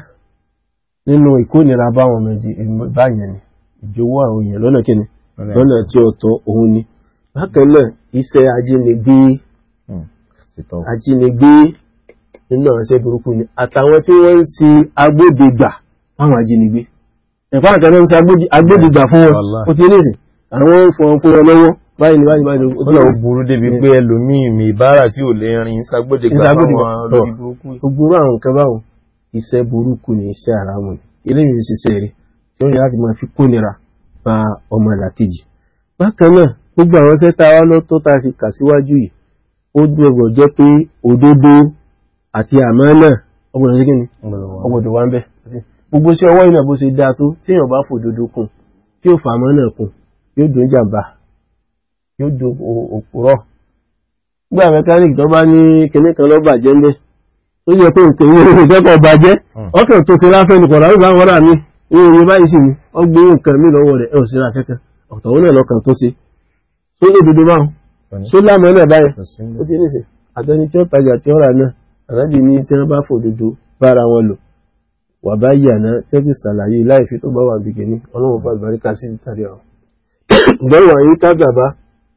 S2: nínú ìkónira báwọn méjì báyẹn ni ìjọwọ́ àwọn èèyàn lọ́nà kíni lọ́nà tí ọ̀tọ̀ òun ni bákan náà iṣẹ́ ajínigbé hmm, ajínigbé nínú ọ̀sẹ̀ burúkú ni àtàwọn tí wọ́n ń ṣe agbódegbà fáwọn ajínigbé ẹ̀fọ́ àtàwọn ń ṣe agbódegbà fún wọn ó ti ní ìsìn àwọn ń fọ ọkùnrin lọ́wọ́ báyìí báyìí báyìí ó lọ burú débi pé
S1: ẹlòmíì mi ìbára tí ò lè rin
S2: ìsagbóde gbà fáwọn lórí burúkú yìí. gbogbo àwọn nǹkan báwọn iṣẹ́ burúkú ni iṣẹ́ àràmù ni eléyìí ń ṣiṣẹ́ rẹ̀ tí wọ́n yà láti máa fi kónira ba ọmọ làkejì. bákan náà gbogbo àwọn iṣẹ́ tá a wá lọ́tọ́ tá a fi kà síwájú yìí ó gbọ́dọ̀ jẹ́ pé òdodo àti àmánà ọgbọ́dọ̀ jẹ́ kíni ọgbọ́dọ̀ wá ń bẹ̀. gbogbo iṣẹ́ ọwọ́ ìnà bó ṣe dáa tó téèyàn bá fòdodo kùn tí ò fàmọ́ náà kùn yóò dún jàǹbá yóò di òpùrọ̀ gbà mẹkáníkì tó bá ní kinní kan ló bàjẹ́ ń bẹ́ ó yẹ pé òkè yìí ò jẹ́kọ̀ bàjẹ́ hmm. ọkẹ̀ tó ṣe lásán ní kọ̀ọ̀dà ọ̀sán wọ́n rà báyìí ni ó gbé nǹkan mí lọ́wọ́ rẹ̀ ẹ̀ ò O ra kẹ́kẹ́ ọ̀tọ̀ òun náà lọ́kàn tó ṣe tó lè dúdú báwọn tó lámọ̀ náà báyẹn ti ní sè <coughs>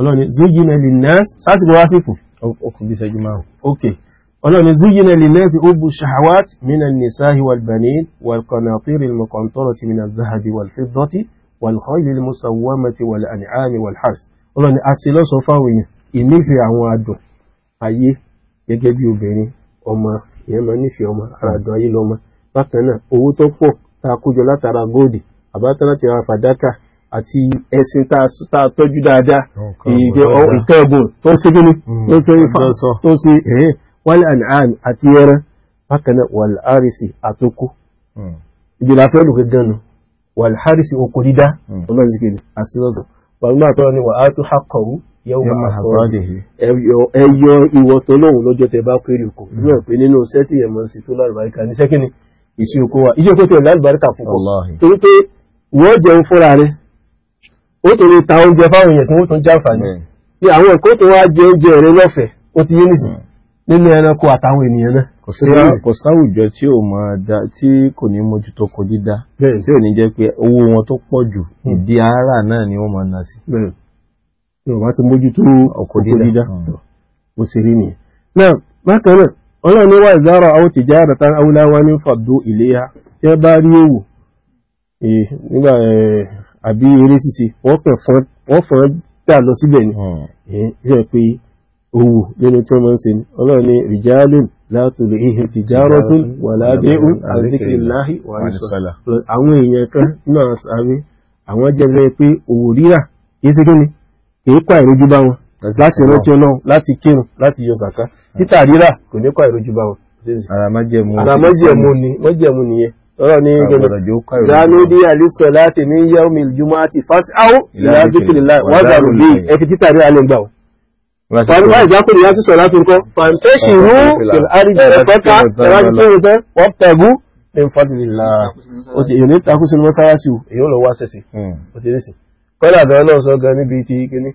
S2: ọlọ́ni zújìnà lè nẹ́ẹ̀sì sásìkò wásìkò ọkùn bí sẹ́jú márùn ok ọlọ́ni zújìnà lè nẹ́ẹ̀sì ó bú ṣahawat mina nisahi walbanin walqanatiril muqantarati mina zahabi walfiddati walkhaylil musawwamati walan'ami walhars ọlọ́ni a sì lọ́sọ fáwọn èèyàn ìnífẹ́ àwọn adùn ayé gẹ́gẹ́ bí obìnrin ọmọ ìyẹn máa nífẹ̀ẹ́ ọmọ ara àti ẹ̀sìn tá a tọ́jú dáadáa
S1: ìjẹ nǹkan
S2: ẹ̀bùn tó ń segin ní hmm. tó ń ṣe ifá tó ń ṣe ẹ̀hìn eh, wal an'am àti ẹran bákan náà wal arisi àtòkù ìjìnlá hmm. fẹ́ lù gẹ́gẹ́ nù wal harisi oko dídá hmm. ọlọ́run sì kéde àṣírọ́sọ wàlúmọ̀ àtọ́ ni wà á tún hákọ̀ọ́ yóò máa sọ ẹyọ ìwọ̀ tó lóhùn lọ́jọ́ tẹ bá wọ́n jẹun fúnra rẹ̀ ó tó lè ta oúnjẹ fáwọn èèyàn tí wọ́n tún jáǹfààní mm. ní àwọn ẹ̀kọ́ tó wá jẹ oúnjẹ rẹ lọ́fẹ̀ẹ́ ó ti yé nìsín mm. nínú ẹranko àtàwọn ènìyàn náà. kò sáwùjọ tí ò máa da tí kò ní mójútó kò dídá tí ò ní jẹ́ pé owó wọn tó pọ̀ jù mm. ìdí ara náà ni wọ́n máa ná sí. yorùbá ti mójútó ọkọ̀ dídá ó ṣe rí nìyẹn. náà bákan náà ọlọ́run ní wà zara àwọn tìjára tán awúláwá ní fàdó ìléyà tẹ́ bá rí òwò nígbà àbí eré ṣíṣe wọ́n fọ́n dà lọ síbẹ̀ ni hmm. rẹ̀ pé owó nínú tí wọ́n máa ń ṣe ni ọlọ́run ní rìjálùn látòlè ihe tìjárọ́tún wà lábẹ́hùn àríkìláhì wà ní sọ́lá àwọn èèyàn kan náà sáré àwọn jẹ́gbẹ́ pé owó rírà kìí sí kíni kìí kọ́ àìrójú bá wọn láti rántí ọlọ́run láti kírun láti yọ sàká hmm. títà rírà kò ní kọ́ àìrójú bá wọn. ara májẹ̀mú ni májẹ̀mú nìyẹn ọ̀rọ̀ ni ìgbẹ̀lẹ̀ àlìsọ̀ láti ní yẹ́omi ìjúmọ́ àti fásáwò ìlàájúkìlìlá wázàrù bí ẹfi títà rí alẹ́ gbà Fàánúwà ìjákùnrin láti sọ láti ńkọ́, fàánfẹ́ṣì rú ìrìnàríjẹ́fẹ́ká ẹ̀rájú tó rẹ̀ fẹ́ wọ́n pẹ̀gú ìfọ́dìlá. Ó ti ìrìn takú sínú mọ́sálásí èyí ò lọ wá sẹ́sì. Hmm. Ó ti rí sí. Kọ́lá àbẹ̀rẹ̀ náà sọ gan níbi ti kíní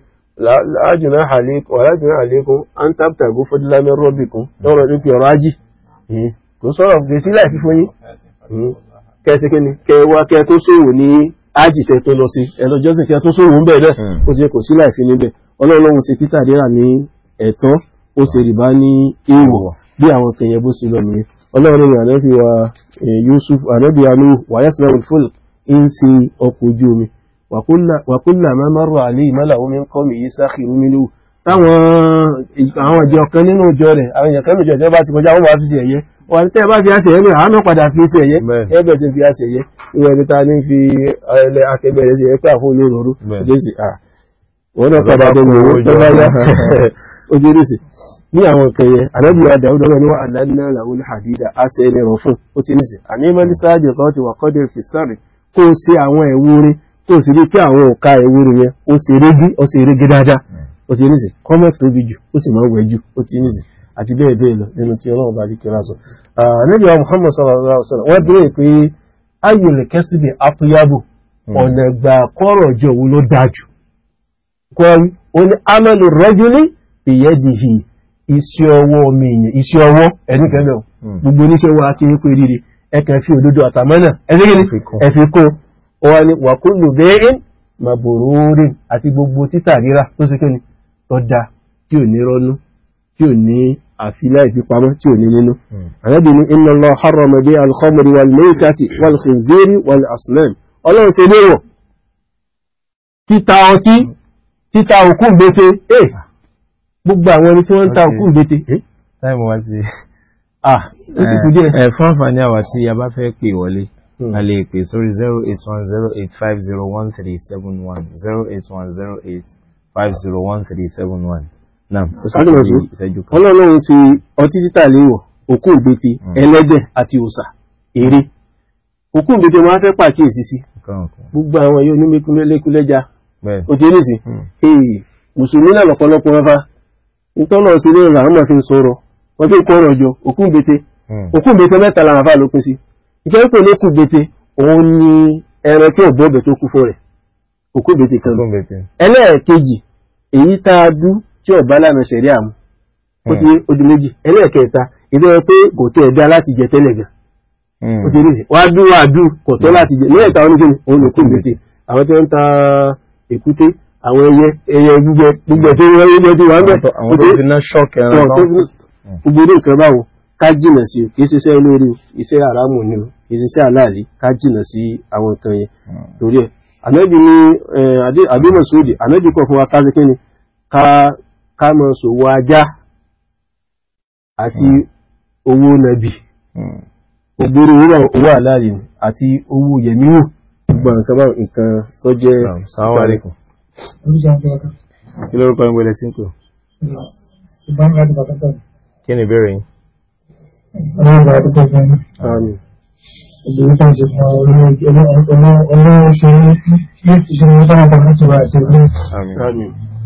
S2: láàjùnà àlékún antabtagu fọ́dílámẹ́rọ́bìkún lọ́rọ̀ nípi ọ̀rọ̀ ajì hmm. kò sọ̀rọ̀ gbèsí láì fífún yín Hmm? kẹsí kí ni kẹwà kẹ tó ṣòwò ní ájìtẹ tó lọ sí ẹlọ jọ́sìn kẹ tó ṣòwò ń bẹ̀ bẹ́ẹ̀ hmm. ó ṣe kò sí láìfi níbẹ̀ ọlọ́run ṣe títà rírà ní ẹ̀tọ́ ó ṣe rìbá ní èèwọ̀ bí àwọn kẹyẹ bó ṣe lọ nìyẹn ọlọ́run ní ànábì wa Yusuf ànábì anú wàyẹ́sìlẹ̀ fúlù ń ṣe ọkọ̀ ojú omi wàkúlà mẹ́mọ́rọ̀ àlè ìmọ́là omi ń kọ́ mi yìí sáàkì omi lówù táwọn àwọn ìjọ kan nínú ìjọ rẹ̀ àwọn ìjọ kan nínú ìjọ ìjọba ti kọjá wọn wá fi ṣe ẹ̀yẹ wà tẹ́ bá fi àṣẹ ẹ̀mí àánú padà fi ṣe ẹ̀yẹ ẹgbẹ̀ sí fi àṣẹ ẹ̀yẹ ìwọ̀ ẹni ta ní fi ẹlẹ́ akẹgbẹ̀ rẹ̀ sí ẹ̀pẹ́ àfún olóòrò jésì à wọ́n náà padà dé ní owó tó bá yá <laughs> ojú rísì ní àwọn kẹyẹ anábì adà ó dọ́rọ̀ níwọ̀n aláìná làwọn hadida àṣẹ ẹni rọ̀ fún ó ti ní sí àní mẹ́lí sáájì kan ti wà kọ́dẹ̀ fi sáré àti bẹ́ẹ̀ bẹ́ẹ̀ lọ nínú tí ọlọ́run bá kíkẹ́ lásọ. Ànábì wa Muhammad sallallahu alaihi wasallam wọ́n bèèrè pé ayyul kasbi atyabu hmm. ọ̀nà gbà kọ́rọ̀ jọ òun ló dájú. Kọ́rí, ó ní amalu rajuli biyadihi iṣẹ́ ọwọ́ mi isi iṣẹ́ ọwọ́ ẹni kẹ́lẹ̀ hmm. gbogbo oníṣẹ́ ọwọ́ àti ní pé rírì ẹkàn fi òdodo àtàmọ́nà ẹ̀fẹ́ kó wà ní àti gbogbo títà rírà tó sì tí ò ní àfilẹ́ ìfipamọ́ tí ò ní nínú. Hmm. Ànábì ní inna Allah harrama bí al-khamri wal-maitati wal-khinziri wal-asnam. Ọlọ́run ṣe léwọ̀. Títa ọtí, títa òkú gbété, eh, gbogbo àwọn ẹni tí wọ́n ń ta 08108501371
S1: 08108501371 ọlọ́run
S2: ti ọtí títà léwọ̀ òkú ìgbètè hmm. ẹlẹ́dẹ̀ àti òsà èrè òkú ìgbètè máa fẹ́ pàkíyèsí sí gbogbo àwọn yóò ní mékúnlẹ́kúnlẹ́já ó ti nìsí èyí hmm. mùsùlùmí náà lọ́pọ̀lọpọ̀ ọba nítọ́nà sí ilé ìrà náà fi ń sọ̀rọ̀ wọ́n fi kọ́ ọ̀rọ̀ jọ òkú ìgbètè hmm. òkú ìgbètè mẹ́ta làwọn afá lópin sí ìjẹ́ pé olókù ìgbètè òun ni ẹran tí ọ̀bọ̀ ọbẹ̀ tó kú fún rẹ̀ òkú ìgbètè kan ẹlẹ́ẹ̀kejì èyí tá a dú tí ọ̀bá lánà ṣẹ̀rí àmú ó ti hmm. odi méjì ẹlẹ́ẹ̀kẹta ìdó ẹ pé kò tẹ́ ẹ̀dá láti jẹ tẹ́lẹ̀ gan hmm. ó ti rí sí wá dú wá dú kò tọ́ hmm. láti jẹ lẹ́ẹ̀ta oníkíni òun ló kú ìgbésẹ̀ àwọn tí wọ́n ń ta èkúté àwọn ẹyẹ ẹyẹ gbígbẹ gbígbẹ tó ń rẹ́yẹ tó wà ń bẹ̀ àwọn tó fi ẹran náà gbogbo nǹkan báwo ká jìnà sí kì í ṣiṣẹ́ olórí iṣẹ́ àrámù ni o kì í ṣiṣẹ́ aláàlí ká jìnà sí àwọn nǹkan yẹn torí ẹ̀ ànábì ní àbí mọ̀sóòdì ànábì kọ̀ fún wa ká ṣe kí ni ká ká mọ̀ ṣòwò ajá àti owó nàbì hmm. ògbóró owó àláàlì àti owó yẹ̀mínú gbogbo nǹkan bá nǹkan
S1: tó jẹ́ sáwárìkùn kí lórúkọ ń wẹlẹ̀ sínkù kí ni ìbéèrè yín Amin.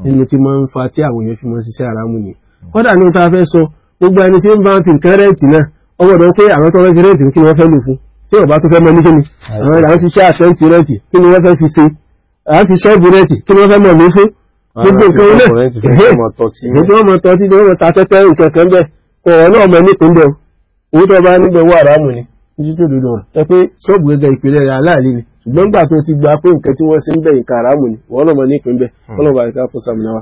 S2: Mm. nínú tí máa ń fa tí àwọn èèyàn fi máa ń ṣiṣẹ́ haramu ni mm. kódà ní ta fẹ́ sọ gbogbo ẹni tí ń bá ń fi nǹkan rẹ́ǹtì náà ọgbọ́dọ̀ pé àwọn tó fẹ́ fi rẹ́ǹtì kí wọ́n fẹ́ lò fún tí ọba tó fẹ́ mọ ní kíni àwọn ìlànà ti ṣe àfẹ́ǹtì rẹ́ǹtì kí ni wọ́n fẹ́ fi ṣe àwọn fi ṣọ́ọ̀bù rẹ́ǹtì kí ni wọ́n fẹ́ mọ̀ ní fún gbogbo nǹkan ilé gbogbo ọmọ ṣùgbọ́n gbà tó ti gba pé nǹkan tí wọ́n ṣe ń bẹ̀ nǹkan àràmù ni wọ́n lọ́mọ ní ìpínbẹ̀ hmm. ọlọ́mọ àríkà fún samunawa.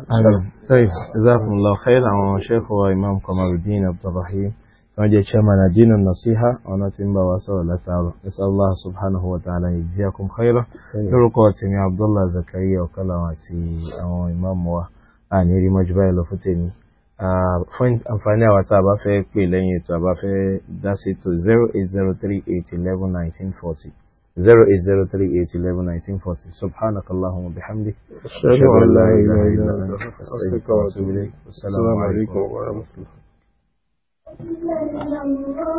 S1: jazakumullahu khairan àwọn sheikh wa imam kamarudin abdulrahim tí wọ́n jẹ́ chairman adina nasiha ọ̀nà tí ń bá wa sọ̀rọ̀ látàrọ̀ Allah subhanahu wa ta'ala yajziakum khairan lórúkọ tèmi abdullah zakaria ọ̀kọ́láwọn àti àwọn imam wa àní rí mọ́jú báyìí lọ fún tèmi fún àǹfààní àwọn tá a bá fẹ́ pè lẹ́yìn ètò àbáfẹ́ dá sí ètò zero eight zero three eight eleven nineteen forty 08038111940 subhanakallahumma bihamdik ashhadu an la ilaha illa anta astaghfiruka wa atubu alaikum